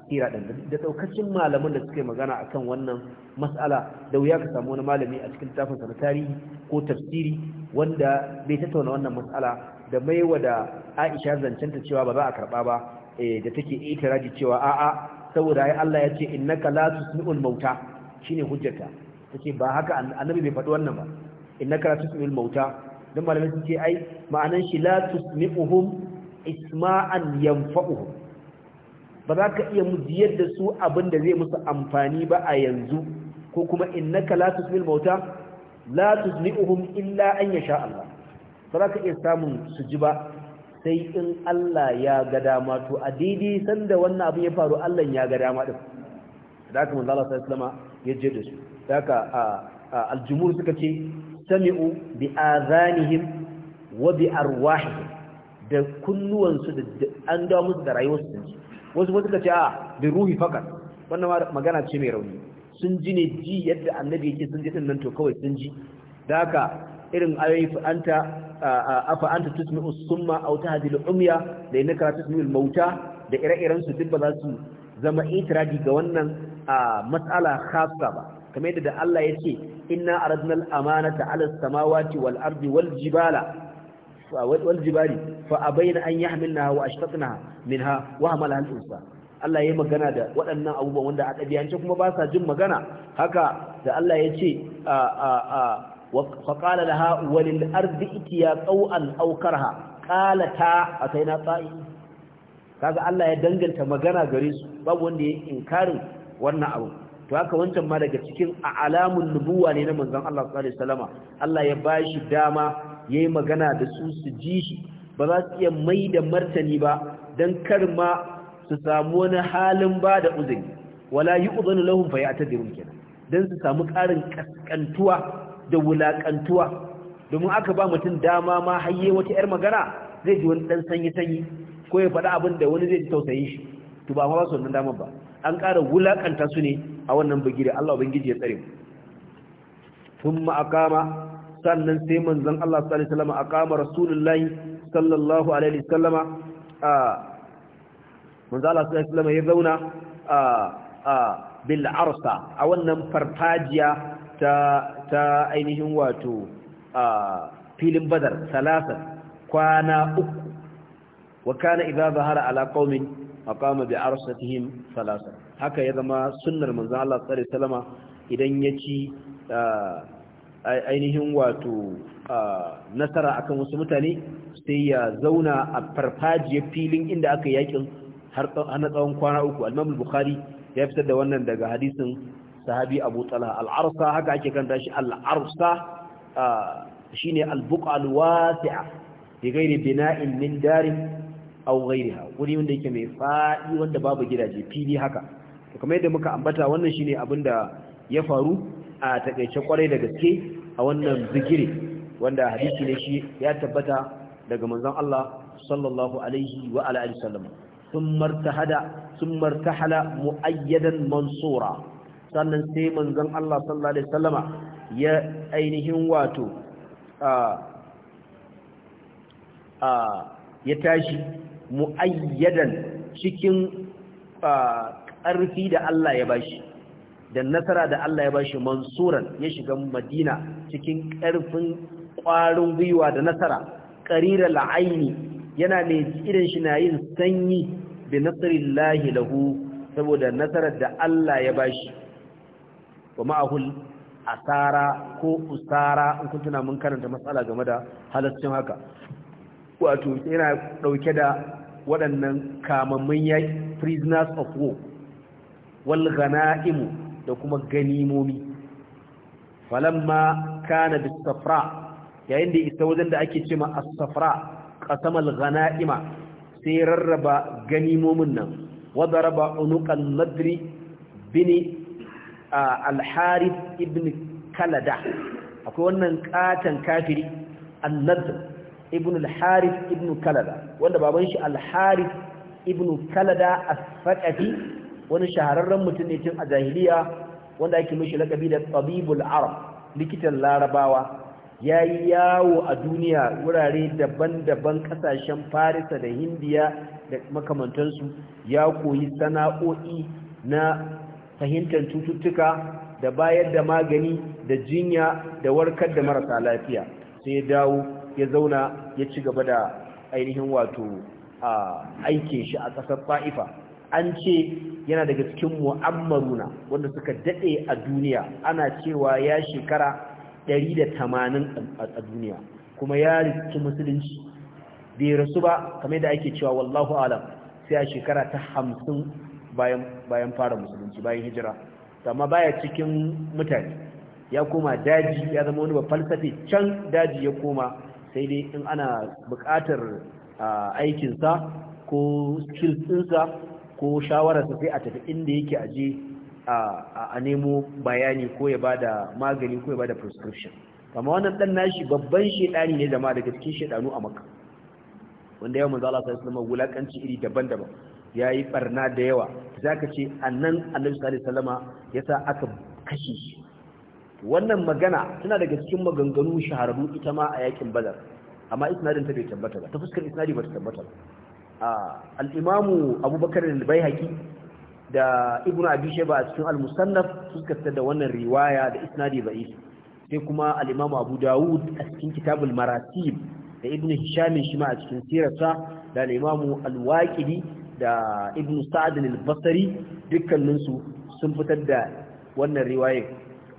tira din da daukacin malaman da suka yi magana akan wannan mas'ala da wuya ka samu wani malami a cikin tafin sa tarihi ko tafsiri wanda bai tattauna wannan mas'ala da maiwa da Aisha zancanta cewa ba za a karba ba eh, da take itiraji cewa a'a saboda ai Allah ya ce innaka la tusmi'ul mauta shine hujjata ce ba haka annabi bai faɗi wannan ba innaka la tusmi'ul mauta don malamai sun ce ai ma'anan shi la tusmi'uhum isma'an yanfa'uhum ba za ka iya mujiyar da su abin da zai musu amfani ba a yanzu ko kuma innaka la tusmi'ul mauta la tusmi'uhum illa an yasha Allah ba za ka iya samun su ji ba sai in Allah ya ga dama to a daidai sanda wannan abin ya faru Allah ya ga dama din da haka manzo Allah sallallahu alaihi ya je da su da haka aljumhur suka ce sami'u bi azanihim wa bi arwahihim da kunnuwansu da an dawo musu da rayuwarsu sun ji wasu wasu kace a bi ruhi fakat wannan magana ce mai rauni sun ji ne ji yadda annabi yake sun ji din nan to kawai sun ji da haka irin ayoyi fa anta afa anta tusmi'u summa aw tahdil umya da innaka mauta da ire-iren su duk ba za su zama itiradi ga wannan matsala khassa ba kamar yadda da Allah ya ce inna aradnal amanata ala samawati wal ardi wal jibala wal jibali fa abaina an yahmilnaha wa ashfaqnaha minha wa hamalaha al insan Allah ya magana da waɗannan abubuwan wanda a ɗabi'ance kuma ba sa jin magana haka da Allah ya ce a a a wa qala laha walil ardi itiya qaw'an aw karha qalata ataina ta'i kaga Allah ya danganta magana gare su babu wanda ya inkarin wannan abu to haka wancan ma daga cikin alamun nubuwa ne na manzon Allah sallallahu alaihi wasallama Allah ya ba shi dama yayi magana da su su ji shi ba za su iya mai da martani ba dan kar ma su samu wani halin ba da uzuri wala yu'dhanu lahum fa ya'tadirun kenan dan su samu karin kaskantuwa da wulakantuwa domin aka ba mutum dama ma hayye wata yar magana zai ji wani dan sanyi sanyi ko ya faɗi abin da wani zai ji tausayin shi to ba ma ba su wannan damar ba an ƙara wulakanta su ne a wannan bagire Allah ubangiji ya tsare mu thumma aqama sannan sai manzon Allah sallallahu alaihi wasallam aqama rasulullahi sallallahu alaihi wasallama a manzon Allah sallallahu alaihi wasallam ya zauna a a bil arsa a wannan farfajiya ta ta ainihin wato a filin badar salasa kwana uku wa kana idza zahara ala qaumin aqama bi arsatihim salasa haka ya zama sunnar manzo Allah sallallahu alaihi idan ya ci ainihin wato nasara akan wasu mutane sai ya zauna a farfajiyar filin inda aka yakin har na tsawon kwana uku al-Imam bukhari ya fitar da wannan daga hadisin sahabi Abu Talha al-Arsa haka ake kanta shi al-Arsa shine al-buqa al-wasi'a bi ghairi bina'in min darin aw ghayriha wuri wanda yake mai fa'i wanda babu gidaje fili haka kamar yadda muka ambata wannan shine abin da ya faru a takaice kwarai da gaske a wannan zikiri wanda hadisi ne shi ya tabbata daga manzon Allah sallallahu alaihi wa ala alihi sallam sun martahada sun martahala muayyadan mansura sannan sai manzon Allah sallallahu alaihi wasallama ya ainihin wato ya tashi mu'ayyadan cikin ƙarfi da Allah ya bashi da nasara da Allah ya bashi mansuran ya shiga madina cikin ƙarfin ƙwarin gwiwa da nasara ƙarira la'aini yana mai irin shi na yin sanyi bi nasarillahi lahu saboda nasarar da Allah ya bashi wa ma'ahul asara ko usara in kun tuna mun karanta matsala game da halaccin haka wato yana ɗauke da waɗannan kamammun yaƙi prisoners of war wal da kuma ganimomi falamma kana bis safra yayin da isa wajen da ake cewa as-safra qasamal ghanaima sai rarraba ganimomin nan wadaraba unuqan nadri bin al-harith ibn kalada akwai wannan katan kafiri an-nadr ibn al-harith ibn kalada wanda baban shi al-harith ibn kalada as wani shahararren mutum ne tun a jahiliya wanda ake mishi lakabi da tabibul arab likitan larabawa ya yi yawo a duniya wurare daban-daban kasashen farisa da hindiya da makamantansu ya koyi sana'o'i na fahimtar cututtuka da bayar da magani da jinya da warkar da marasa lafiya sai ya dawo ya zauna ya ci gaba da ainihin wato a aikin shi a ƙasar fa'ifa an ce yana daga cikin mu'ammaruna wanda suka dade a duniya ana cewa ya shekara 180 a duniya kuma ya riski musulunci bai rasu ba kamar da ake cewa wallahu alam sai a shekara ta hamsin bayan fara musulunci bayan hijira amma baya cikin mutane ya koma daji ya zama wani ba can daji ya koma sai dai in ana buƙatar aikinsa ko skills ɗinsa ko shawararsa sai a tafi inda yake aje a nemo bayani ko ya bada magani ko ya bada prescription kama wannan dan nashi babban shedani ne zama daga cikin shedanu a makka wanda yawan manzo Allah sallallahu alaihi wasallam wulakanci iri daban-daban yayi barna da yawa zaka ce annan Annabi sallallahu alaihi ya yasa aka kashe shi wannan magana tana daga cikin maganganu shahararru ita ma a yakin Badar amma isnadin ta bai tabbata ba ta fuskar isnadi ba ta tabbata ba al'imamu abubakar al-baihaki da ibn abi sheba a cikin al-musannaf suka da wannan riwaya da isnadi ba'i sai kuma al abu dawud a cikin kitabul maratib da ibn hisham shi ma a cikin sirarsa da al alwaƙiri da ibn sa'd al-basri dukkanin sun fitar da wannan riwaya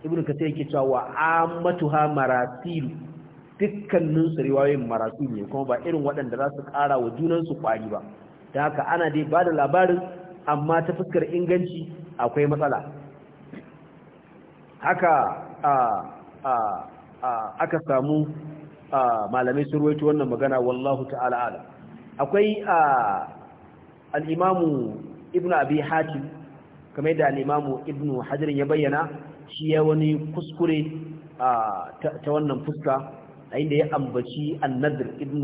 ibn kasir yake cewa ha maratil dukkanin su riwayoyin marasu ne kuma ba irin waɗanda za su ƙara wa junansu ƙwari ba da haka ana dai ba da labarin amma ta fuskar inganci akwai matsala haka aka samu malamai sun ruwaito wannan magana wallahu ta'ala ala akwai al'imamu ibn abi hatim kamar yadda al'imamu ibn hajjirin ya bayyana shi ya wani kuskure ta wannan fuska a da ya ambaci annadir ibn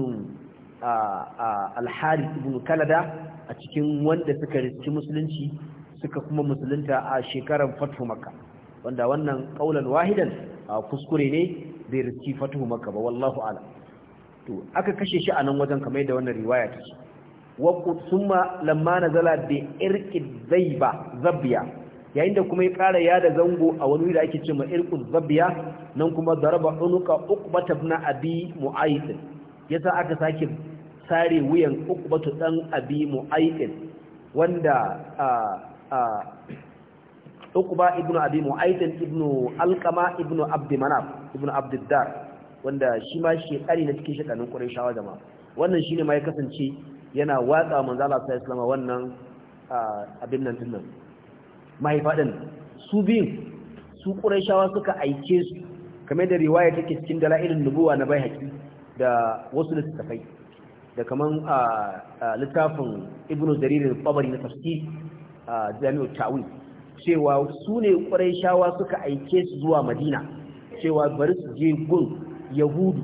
al-harith ibn kalada a cikin wanda suka riski musulunci suka kuma musulunta a shekarar fatu makka wanda wannan kaulan wahidan kuskure ne bai riski fatu makka ba wallahu ala to aka kashe shi a nan wajen kamar da wannan riwaya ta ce wa thumma lamma nazala bi zabiya yayin da kuma ya ƙara yada zango a wani da ake cewa ma irkus zabiya nan kuma daraba unuka uqbata ibn abi mu'ayyid yasa aka sake sare wuyan uqbatu dan abi mu'ayyid wanda a uqba ibn abi mu'ayyid ibn alqama ibn abd manaf ibn abd dar wanda shi ma kare na cikin shekanin qurayshawa jama'a wannan shine ma ya kasance yana watsa manzala sallallahu alaihi wasallam wannan abin nan dinnan mahaifa su biyun su shawa suka aike su kamar da riwaya take cikin dala'ilin nubuwa na haƙi da wasu littattafai da kaman a littafin ibnu jarir al na na tafsir jami'u Ta'awun cewa su ne shawa suka aike su zuwa madina cewa bari su je gun yahudu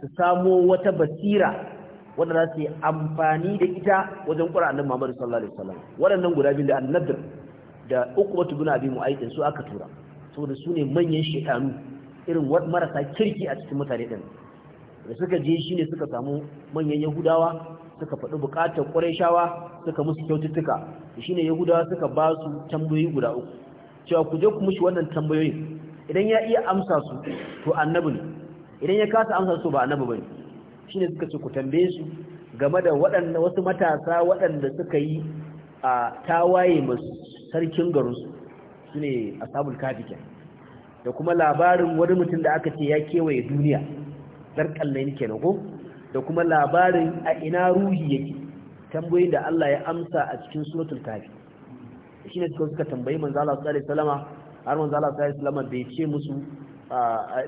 su samo wata basira wadda za su yi amfani da ita wajen ƙura annabi Muhammadu sallallahu alaihi wasallam waɗannan guda biyu da annabi da wata guna abin mu'aikin su aka tura saboda su ne manyan shekaru irin marasa kirki a cikin mutane ɗin da suka je shi ne suka samu manyan yahudawa suka faɗi buƙatar shawa, suka musu kyaututtuka shi ne yahudawa suka ba su tambayoyi guda uku cewa ku je ku mushi wannan tambayoyin idan ya iya amsa su to annabi ne idan ya kasa amsa su ba annabi shi ne suka ce ku tambaye su game da waɗanda wasu matasa waɗanda suka yi a tawaye masu sarkin garinsu su ne asabul kafikin da kuma labarin wani mutum da aka ce ya kewaye duniya zarkallain kenan ko da kuma labarin a ina ruhi yake tambayoyin da Allah ya amsa a cikin suratul kafi shine suka suka tambayi manzo Allah sallallahu alaihi wasallama har manzo Allah sallallahu alaihi wasallama bai ce musu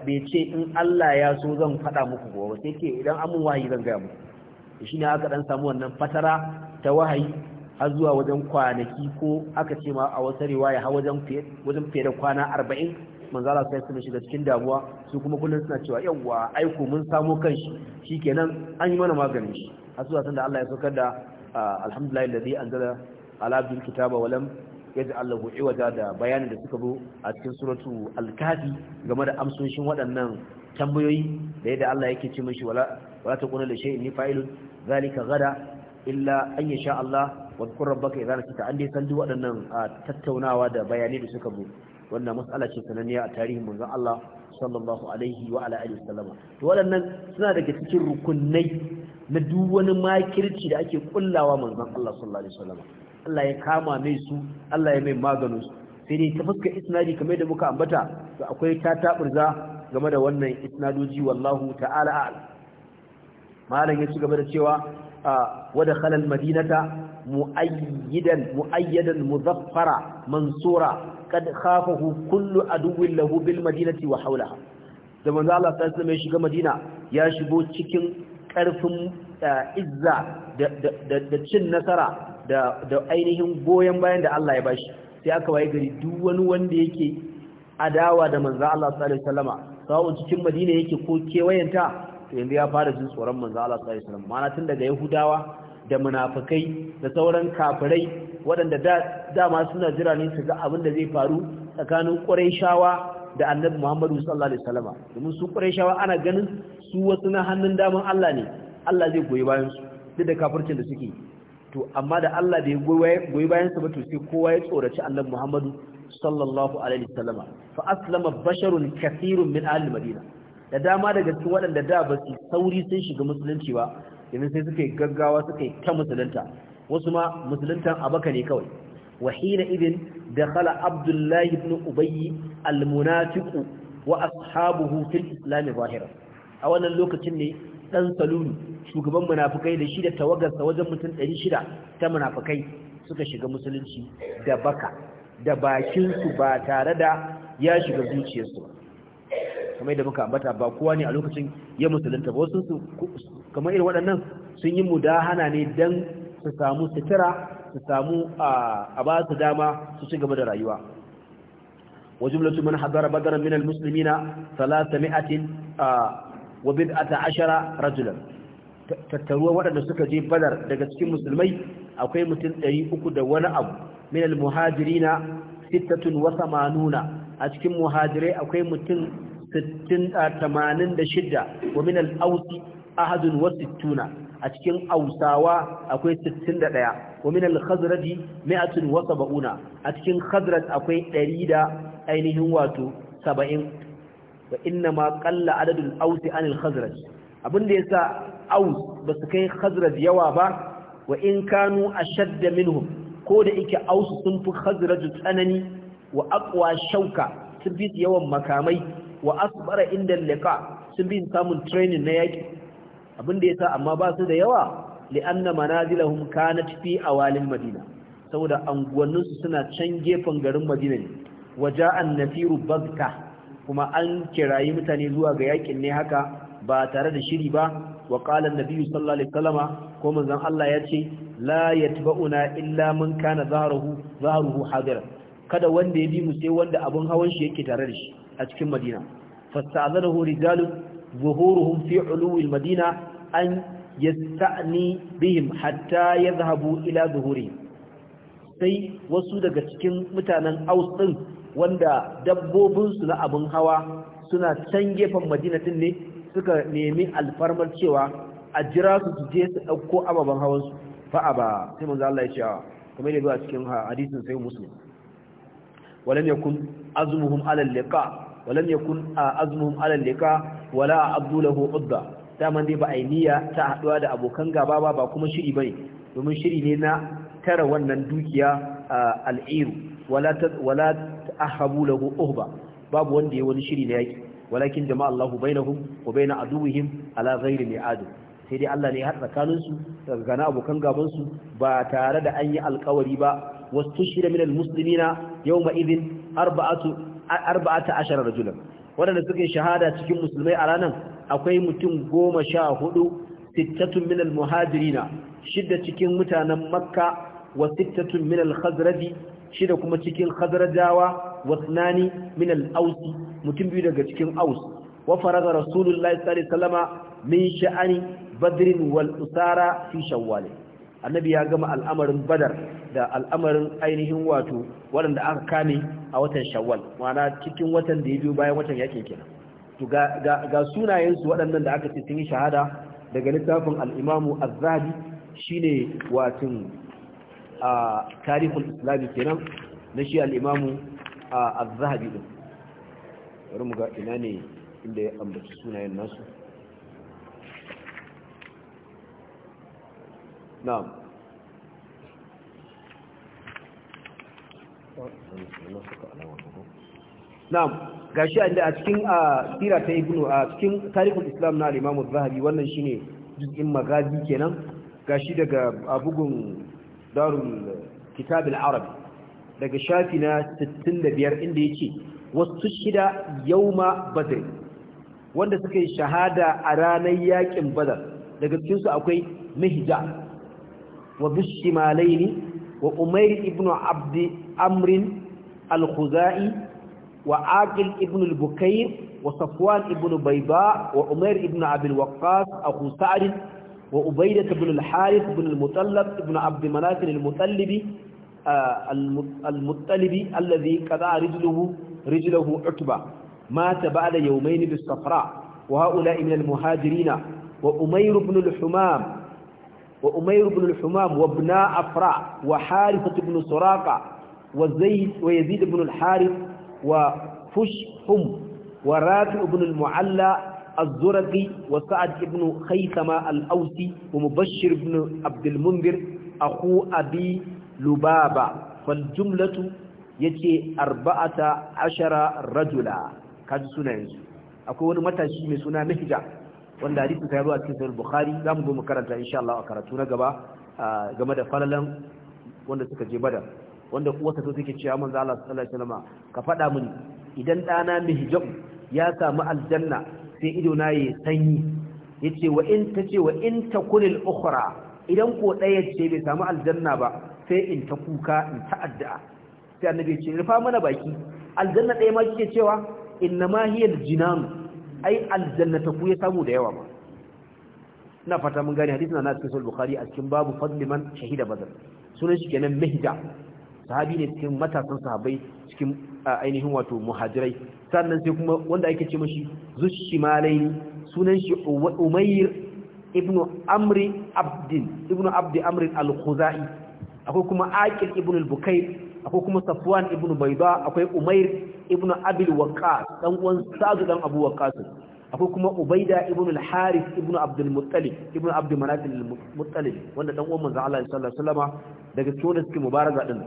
bai ce in Allah ya so zan faɗa muku gobe sai ke idan amun wahayi zan gaya muku shine aka dan samu wannan fatara ta wahayi har zuwa wajen kwanaki ko aka ce ma a wata riwaya har wajen fiye da kwana arba'in manzo Allah sai shiga cikin damuwa su kuma kullum suna cewa yawwa aiko mun samo kanshi shikenan an yi mana maganin shi har zuwa sanda Allah ya saukar da ah, alhamdulillah alladhi anzala ala abdil kitaba wa lam yaj'al lahu iwaja da bayanin da suka zo a cikin suratu al game da amsoshin waɗannan tambayoyi da yadda Allah yake ce mishi wala wala taqulu li shay'in fa'ilun zalika ghada illa an yasha Allah wadkur rabbaka idza nasita an dai san duk waɗannan tattaunawa da bayanai da suka bu wannan mas'ala ce sananniya a tarihin manzon Allah sallallahu alaihi wa ala alihi salama. to waɗannan suna daga cikin rukunai na duk wani makirci da ake kullawa manzon Allah sallallahu alaihi salama. Allah ya kama mai su Allah ya mai maganin su sai dai ta fuskar isnadi kamar da muka ambata to akwai ta taburza game da wannan isnadoji wallahu ta'ala a'lam malam ya ci gaba da cewa wada khalal madinata mu'ayyidan mu'ayyadan muzaffara mansura kad khafahu kullu aduwwin lahu bil madinati wa hawlaha da manzo Allah sallallahu alaihi wasallam ya shiga Madina ya shigo cikin karfin izza da cin nasara da ainihin goyon bayan da Allah ya bashi sai aka waye gari duk wani wanda yake adawa da manzo Allah sallallahu alaihi cikin Madina yake ko kewayenta to yanzu ya fara jin tsoron manzo Allah sallallahu alaihi wasallam mana tun daga yahudawa da munafikai da sauran kafirai waɗanda da dama suna jira ne su ga abin da zai faru tsakanin Qurayshawa da Annabi Muhammadu sallallahu alaihi wasallam domin su Qurayshawa ana ganin su wasu na hannun daman Allah ne Allah zai goyi bayan su duk da kafircin da suke to amma da Allah bai goyi bayan su ba to sai kowa ya tsoraci Annabi Muhammadu sallallahu alaihi wasallam fa aslama basharun kathirun min ahli madina da dama daga cikin waɗanda da ba su sauri sun shiga musulunci ba yanzu sai suka yi gaggawa suka yi ta musulunta wasu ma musuluntan abaka ne kawai wahina irin da khala abdullahi ibn ubayyi almunafiqu wa ashabuhu fil islam zahira a wannan lokacin ne dan salulu shugaban munafikai da shi da tawagarsa wajen mutum 600 ta munafikai suka shiga musulunci da baka da bakin su ba tare da ya shiga zuciyarsu ba kamar da muka ambata ba kowa ne a lokacin ya musulunta ba wasu kamar irin waɗannan sun yi hana ne don su samu sutura su samu a ba su dama su ci gaba da rayuwa wa jumlatu man hadara badran min almuslimina 300 wa bid'ata ashara rajulan tattaruwa waɗanda suka je badar daga cikin musulmai akwai mutum uku da wani abu min almuhajirina 86 a cikin muhajirai akwai mutum 86 wa min al-ausi ahadun wa sittuna a cikin ausawa akwai 61 wa min al-khazraji mi'atun wa sab'una a cikin khazraj akwai 100 da ainihin wato 70 wa inna ma qalla adadul ausi anil khazraj abinda yasa aus ba su kai khazraj yawa ba wa in kanu ashadda minhum ko da yake aus sun fi khazraj tsanani wa aqwa shauka sun fi yawan makamai wa asbara inda laka sun bi samun training na yaki abinda yasa amma ba su da yawa li'anna manazilahum kanat fi walin madina saboda anguwannin su suna can gefen garin madina ne waja'an nafiru bagta kuma an kirayi mutane zuwa ga yakin ne haka ba tare da shiri ba wa qala an-nabi sallallahu alaihi wasallama ko manzon Allah ya ce la yatba'una illa man kana zahruhu zahruhu hadira kada wanda ya bi mu sai wanda abun hawan shi yake tare da shi a cikin madina fasta'adhanahu rijalun zuhuruhum fi ulul madina an yasta'ni bihim hatta yadhhabu ila zuhurihim sai wasu daga cikin mutanen aus din wanda dabbobinsu na abin hawa suna can gefen madina din ne suka nemi alfarmar cewa a jira su su je su ɗauko ababen hawansu fa'a ba sai manzo Allah ya ce kuma ne zuwa cikin hadisin sai musu walam yakun azmuhum ala liqa walam a azumin ala liqa wala a lahu udda daman dai ba ainiya ta haduwa da abokan gaba ba ba kuma shiri bane domin shiri ne na tara wannan dukiya al'iru wala wala ta'ahabu lahu uhba babu wanda ya wani shiri na yaki walakin jama'a Allahu bainahum wa bain aduwwihim ala ghairi mi'ad sai dai Allah ne ya haɗa tsakaninsu daga gana abokan gabansu ba tare da an yi alkawari ba wasu shida minal musulmina yau ma'izin arba'atu arba'ata rajulan waɗanda suka yi shahada cikin musulmai a ranar akwai mutum goma sha hudu sittatun minal muhajirina shida cikin mutanen makka wa sittatun minal khazraji shida kuma cikin khazrajawa wa tsanani minal ausi mutum biyu daga cikin aus wa faraga rasulullahi sallallahu alaihi min sha'ani badrin wal usara fi shawwalin annabi ya gama al'amarin badar da al'amarin ainihin wato waɗanda aka kame a watan shawwal ma'ana cikin watan da ya biyo bayan watan yakin kenan to ga ga sunayensu waɗannan da aka ce sun yi shahada daga littafin al-imamu az-zahabi shine watin a tarihul islami kenan na shi al-imamu zahabi din bari mu ga ina ne inda ya ambaci sunayen nasu نعم na'am gashi a cikin a sira ta ibnu a cikin tarihul islam na al-imam az-zahabi wannan shine juz'in magazi kenan gashi daga abugun darul kitab al arab daga shafi na 65 inda yake wasu shida yauma badr wanda suka yi shahada a ranar yakin badar daga su akwai mihja وبالشمالين وأمير ابن عبد أمر الخزائي وعاقل ابن البكير وصفوان ابن بيضاء وأمير ابن عبد الوقاص أخو سعد وأبيدة بن الحارث بن المطلب ابن عبد مناف المطلب آه، المطلب الذي قضى رجله رجله عتبة مات بعد يومين بالصفراء وهؤلاء من المهاجرين وأمير بن الحمام وأمير بن الحمام وابن أفراء وحارثة بن سراقة وزيد ويزيد بن الحارث وفشهم ورافع بن المعلى الزرقي وسعد بن خيثمة الأوسي ومبشر بن عبد المنذر أخو أبي لبابة فالجملة yace arba'ata ashara rajula kaji sunayensu akwai wani matashi mai suna Mihja wanda hadisin sa ya zo a cikin sahih bukhari zamu zo mu karanta insha Allah a karatu na gaba game da falalan wanda suka je badar wanda uwarsa ta take cewa manzo Allah sallallahu alaihi wasallam ka faɗa mini idan ɗana mihjab ya samu aljanna sai ido na yi sanyi yace wa in tace wa in ukhra idan ko ɗaya ce bai samu aljanna ba sai in ta kuka in ta'adda. sai annabi ya ce rufa mana baki aljanna ɗaya ma kike cewa innama hiyal jinan ai aljannata ku ya samu da yawa ba ina fata mun gane hadisin na cikin sahih bukhari a cikin babu fadliman shahida badar sunan shi kenan sahabi ne cikin matasan sahabbai cikin ainihin wato muhajirai sannan sai kuma wanda ake ce mashi zushimalaini sunan shi umayr ibnu amri abdin ibnu abdi amri al-khuzai akwai kuma aqil ibnu al-bukayr akwai kuma safwan ibnu bayda akwai umayr Ibnu abil waqas dan uwan sa'd dan abu waqas akwai kuma ubaida Ibnu al-harith ibn abdul muttalib Ibnu abdul manat al-muttalib wanda dan uwan manzo Allah sallallahu alaihi wasallama daga cikin suke mubaraza din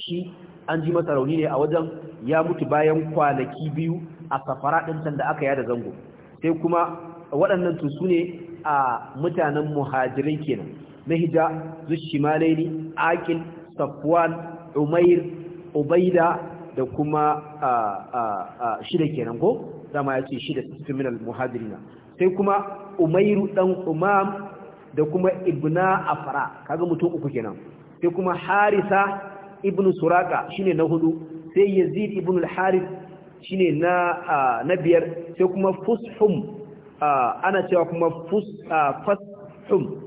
shi an ji masa rauni ne a wajen ya mutu bayan kwanaki biyu a safara din can da aka yada zango sai kuma waɗannan su sune a mutanen muhajirai kenan nahija zushimalaini akil safwan umair ubaida da kuma shida kenan ko dama ya ce shida sittin minal muhajirina sai kuma umairu dan umam da kuma ibna afra kaga mutum uku kenan sai kuma harisa ibnu suraka shine na hudu sai yazid ibnu al-harith shine na na biyar sai kuma fushum ana cewa kuma fus fushum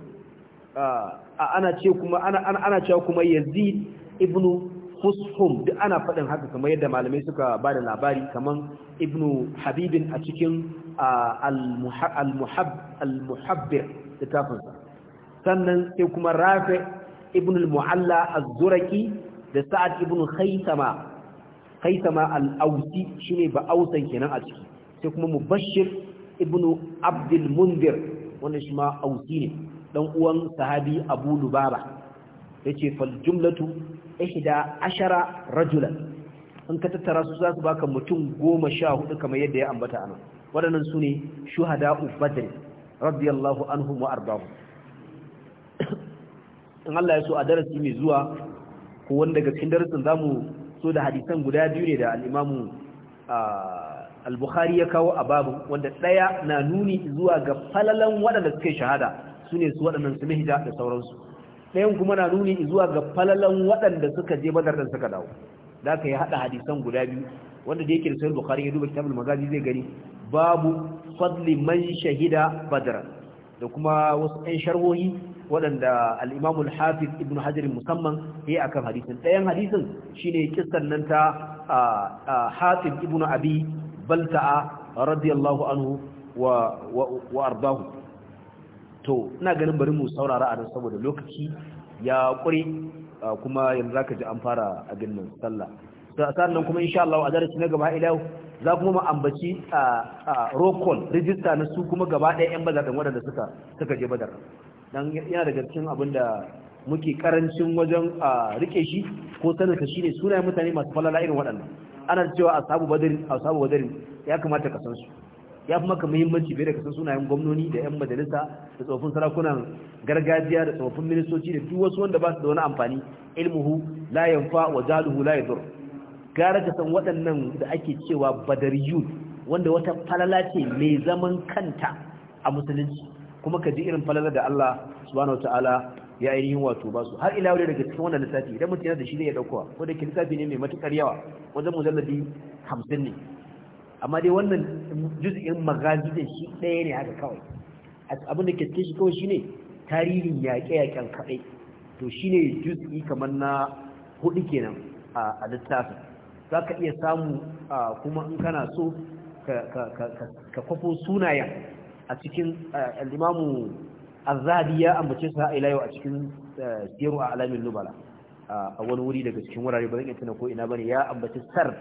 ana ce kuma ana ana cewa kuma yazid ibnu fushum duk ana faɗin haka kamar yadda malamai suka ba da labari kamar ibnu habibin a cikin al-muhabbir littafinsa sannan sai kuma rafi ibn al-mu'alla az-zuraki da sa'ad ibn khaisama khaisama al-ausi shine ba ausan kenan a ciki sai kuma mubashir ibn abd al-mundir wannan shi ma ausi ne dan uwan sahabi abu lubaba yace fal jumlatu ihda ashara rajulan in ka tattara su za su baka mutum goma sha hudu kamar yadda ya ambata anan waɗannan su ne shuhada'u badr radiyallahu anhum wa arba'u. in Allah ya so a darasi mai zuwa ko wanda daga cikin darasin zamu so da hadisan guda biyu ne da al-Imam al-Bukhari ya kawo a babu wanda ɗaya na nuni zuwa ga falalan waɗanda suke shahada sune su waɗannan su da sauransu ɗayan kuma na nuni zuwa ga falalan waɗanda suka je badar dan suka dawo da ka yi haɗa hadisan guda biyu wanda da yake da sayar bukari ya duba kitabul magazi zai gani babu fadli man shahida badar da kuma wasu ɗan sharhohi waɗanda al'imamul hafiz ibn hajar musamman a akan hadisan ɗayan hadisin shine kissan nan ta hafiz ibn abi balta'a radiyallahu anhu wa wa to ina ganin bari mu saurara a nan saboda lokaci ya ƙure kuma yanzu zaka ji an fara a ginin sallah sannan kuma insha Allah a darasi na gaba ila za kuma mu ambaci a rokon register na su kuma gaba ɗaya yan bazar dan waɗanda suka suka je badar dan yana daga cikin abinda muke karancin wajen rike shi ko sanata shine sunayen mutane masu falala irin waɗannan ana cewa ashabu badrin ashabu ya kamata ka san su ya fi maka muhimmanci bai da kasan sunayen gwamnoni da 'yan majalisa da tsofin sarakunan gargajiya da tsofin ministoci da duk wasu wanda ba su da wani amfani ilmuhu la yanfa wa jaluhu la yadur gara ka san waɗannan da ake cewa badariyun wanda wata falala ce mai zaman kanta a musulunci kuma ka ji irin falala da Allah subhanahu ta'ala ya ainihin wato ba su har ila wani daga cikin wannan lissafi idan mutum yana da shi zai ya ɗaukowa ko da ne mai matukar yawa wajen mujalladi hamsin ne amma dai wannan juz'in magazi da shi ɗaya ne haka kawai abinda da ke cikin shi kawai shine tarihin yaƙe-yaƙen kaɗai to shine juz'i kamar na hudu kenan a littafin za ka iya samu kuma in kana so ka kwafo sunayen a cikin al'imamu azadi ya ambace su ha'ila yau a cikin jeru a alamin lubala a wani wuri daga cikin wurare ba zan iya tuna ko ina bane ya ambace sar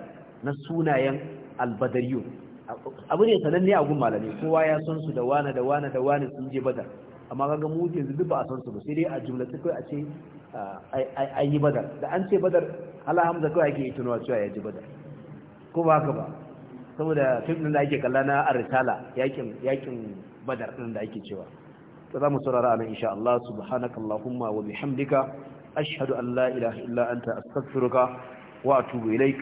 na sunayen albadariyu abu ne sananne a gun malami. kowa ya san su da wani da wani da wani sun je badar amma kaga mu yanzu duk ba a san su ba sai dai a jumla ta a ce an yi badar da an ce badar ala hamza kawai ake tunawa cewa ya ji badar ko ba haka ba saboda fim da ake kalla na risala yakin yakin badar din da ake cewa to za mu saurara nan insha Allah subhanaka allahumma wa bihamdika ashhadu an la ilaha illa anta astaghfiruka wa atubu ilaik